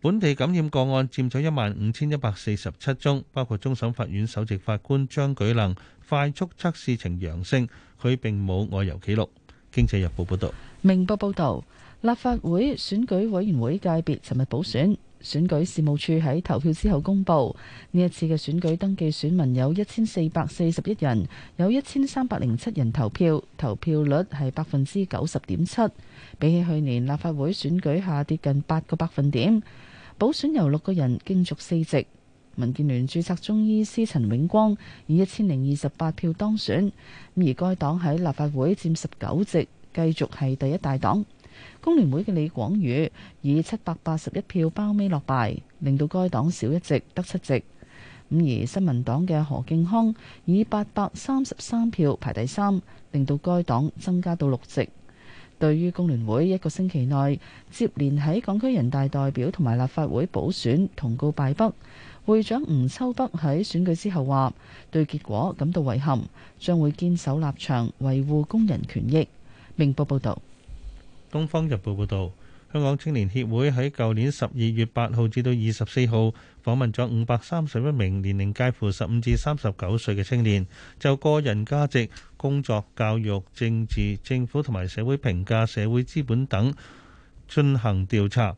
本地感染個案佔咗一萬五千一百四十七宗，包括終審法院首席法官張舉能快速測試呈陽性，佢並冇外遊記錄。經濟日報報道，明報報道，立法會選舉委員會界別尋日補選。選舉事務處喺投票之後公布，呢一次嘅選舉登記選民有一千四百四十一人，有一千三百零七人投票，投票率係百分之九十點七，比起去年立法會選舉下跌近八個百分點。補選由六個人競逐四席，民建聯註冊中醫師陳永光以一千零二十八票當選，而該黨喺立法會佔十九席，繼續係第一大黨。工聯會嘅李廣宇以七百八十一票包尾落敗，令到該黨少一席得七席。咁而新民黨嘅何敬康以八百三十三票排第三，令到該黨增加到六席。對於工聯會一個星期內接連喺港區人大代表同埋立法會補選同告敗北，會長吳秋北喺選舉之後話：對結果感到遺憾，將會堅守立場，維護工人權益。明報報道。《東方日報》報導，香港青年協會喺舊年十二月八號至到二十四號訪問咗五百三十一名年齡介乎十五至三十九歲嘅青年，就個人價值、工作、教育、政治、政府同埋社會評價、社會資本等進行調查。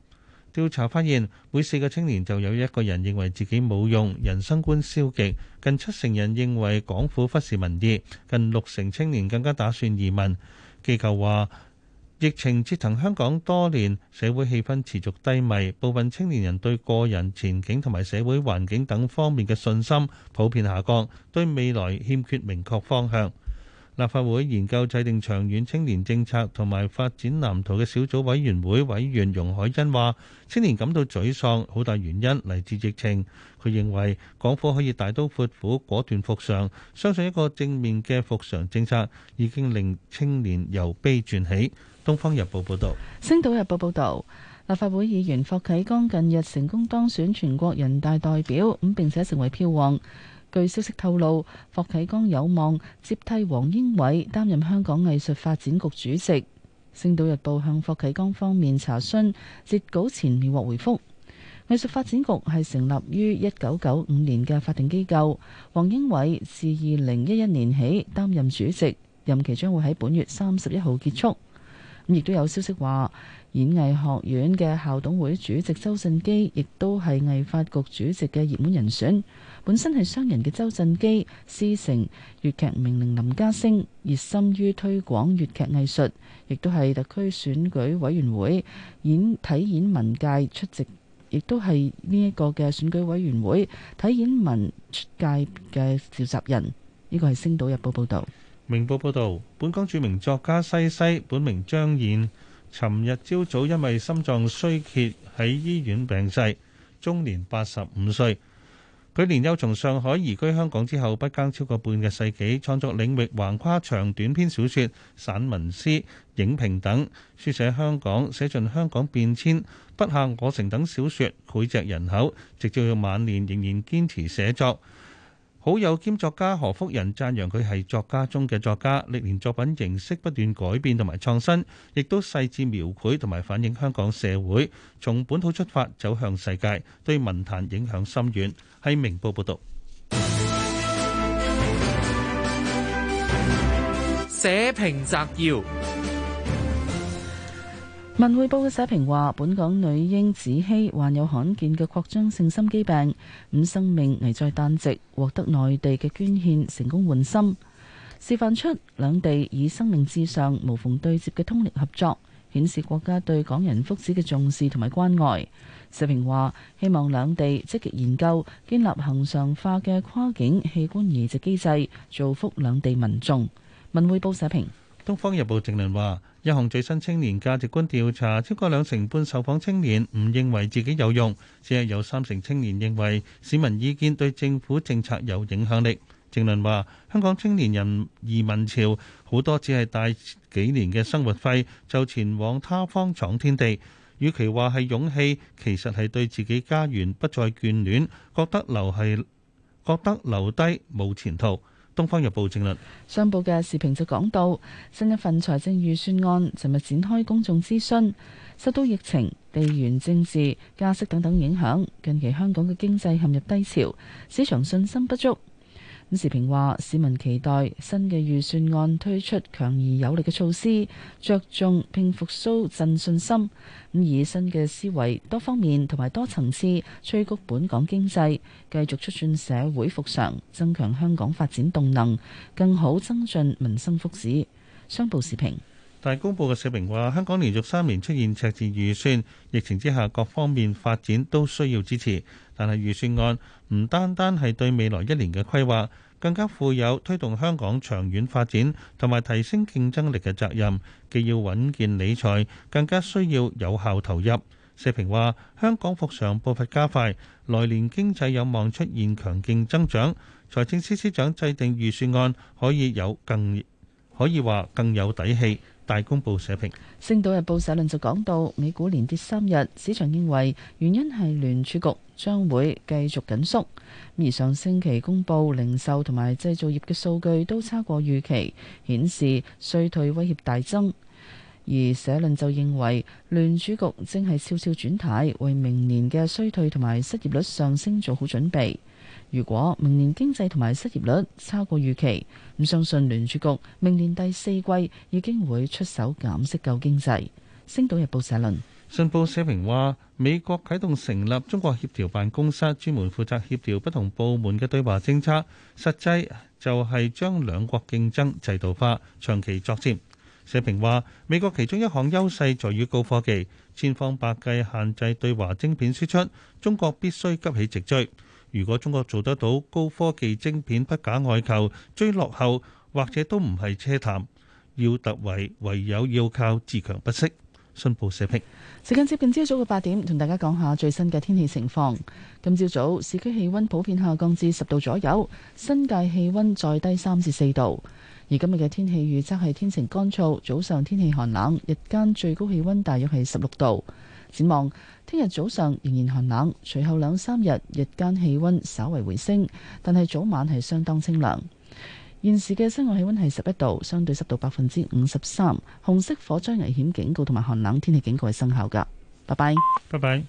調查發現，每四個青年就有一個人認為自己冇用，人生觀消極。近七成人認為港府忽視民意，近六成青年更加打算移民。機構話：疫情折騰香港多年，社會氣氛持續低迷，部分青年人對個人前景同埋社會環境等方面嘅信心普遍下降，對未來欠缺明確方向。立法會研究制定長遠青年政策同埋發展藍圖嘅小組委員會委員容海恩話：青年感到沮喪，好大原因嚟自疫情。佢認為港府可以大刀闊斧、果斷復常，相信一個正面嘅復常政策已經令青年由悲轉喜。《東方日報》報道，《星島日報》報道，立法會議員霍啟剛近日成功當選全國人大代表，咁並且成為票王。據消息透露，霍啟剛有望接替王英偉擔任香港藝術發展局主席。《星島日報》向霍啟剛方面查詢，截稿前未獲回覆。藝術發展局係成立於一九九五年嘅法定機構，王英偉自二零一一年起擔任主席，任期將會喺本月三十一號結束。亦都有消息話，演藝學院嘅校董會主席周振基，亦都係藝發局主席嘅熱門人選。本身係商人嘅周振基，師承粵劇名伶林家聲，熱心於推廣粵劇藝術，亦都係特區選舉委員會演體演文界出席，亦都係呢一個嘅選舉委員會體演文出界嘅召集人。呢個係《星島日報》報導。明報報導，本港著名作家西西本名張燕，尋日朝早，早因為心臟衰竭喺醫院病逝，終年八十五歲。佢年幼從上海移居香港之後，筆耕超過半個世紀，創作領域橫跨長短篇小説、散文、詩、影評等，書寫香港，寫盡香港變遷。筆下我城等小説，膾炙人口，直至到晚年仍然堅持寫作。好友兼作家何福仁讚揚佢係作家中嘅作家，歷年作品形式不斷改變同埋創新，亦都細緻描繪同埋反映香港社會，從本土出發走向世界，對文壇影響深遠。喺明報報道，社評摘要。文匯報嘅社評話：本港女嬰子希患有罕見嘅擴張性心肌病，咁生命危在旦夕，獲得內地嘅捐獻成功換心，示範出兩地以生命至上無縫對接嘅通力合作，顯示國家對港人福祉嘅重視同埋關愛。社評話：希望兩地積極研究建立恒常化嘅跨境器官移植機製，造福兩地民眾。文匯報社評，東方日報正論話。一項最新青年價值觀調查，超過兩成半受訪青年唔認為自己有用，只係有三成青年認為市民意見對政府政策有影響力。鄭論話：香港青年人移民潮，好多只係帶幾年嘅生活費就前往他方闖天地，與其話係勇氣，其實係對自己家園不再眷戀，覺得留係覺得留低冇前途。東方日報正論，商報嘅時評就講到，新一份財政預算案尋日展開公眾諮詢，受到疫情、地緣政治、加息等等影響，近期香港嘅經濟陷入低潮，市場信心不足。時評話：市民期待新嘅預算案推出強而有力嘅措施，着重拼復蘇振信心。咁以新嘅思維，多方面同埋多層次，催谷本港經濟，繼續促進社會復常，增強香港發展動能，更好增進民生福祉。商報時評，大公報嘅社評話：香港連續三年出現赤字預算，疫情之下，各方面發展都需要支持。但係預算案唔單單係對未來一年嘅規劃，更加富有推動香港長遠發展同埋提升競爭力嘅責任。既要穩健理財，更加需要有效投入。社評話，香港復常步伐加快，來年經濟有望出現強勁增長，財政司司長制定預算案可以有更，可以話更有底氣。大公報社評，星島日報社論就講到，美股連跌三日，市場認為原因係聯儲局將會繼續緊縮，而上星期公布零售同埋製造業嘅數據都差過預期，顯示衰退威脅大增。而社論就認為聯儲局正係悄悄轉態，為明年嘅衰退同埋失業率上升做好準備。如果明年經濟同埋失業率差過預期，咁相信聯儲局明年第四季已經會出手減息救經濟。星島日報社論，信報社評話：美國啟動成立中國協調辦公室，專門負責協調不同部門嘅對華政策，實際就係將兩國競爭制度化，長期作戰。社評話：美國其中一項優勢在於高科技，千方百計限制對華晶片輸出，中國必須急起直追。如果中國做得到高科技晶片不假外求，追落後或者都唔係奢談。要突圍，唯有要靠自強不息。信報社評。時間接近朝早嘅八點，同大家講下最新嘅天氣情況。今朝早市區氣温普遍下降至十度左右，新界氣温再低三至四度。而今日嘅天氣預測係天晴乾燥，早上天氣寒冷，日間最高氣温大約係十六度。展望，聽日早上仍然寒冷，隨後兩三日日間氣温稍為回升，但係早晚係相當清涼。現時嘅室外氣温係十一度，相對濕度百分之五十三。紅色火災危險警告同埋寒冷天氣警告係生效噶。拜拜，拜拜。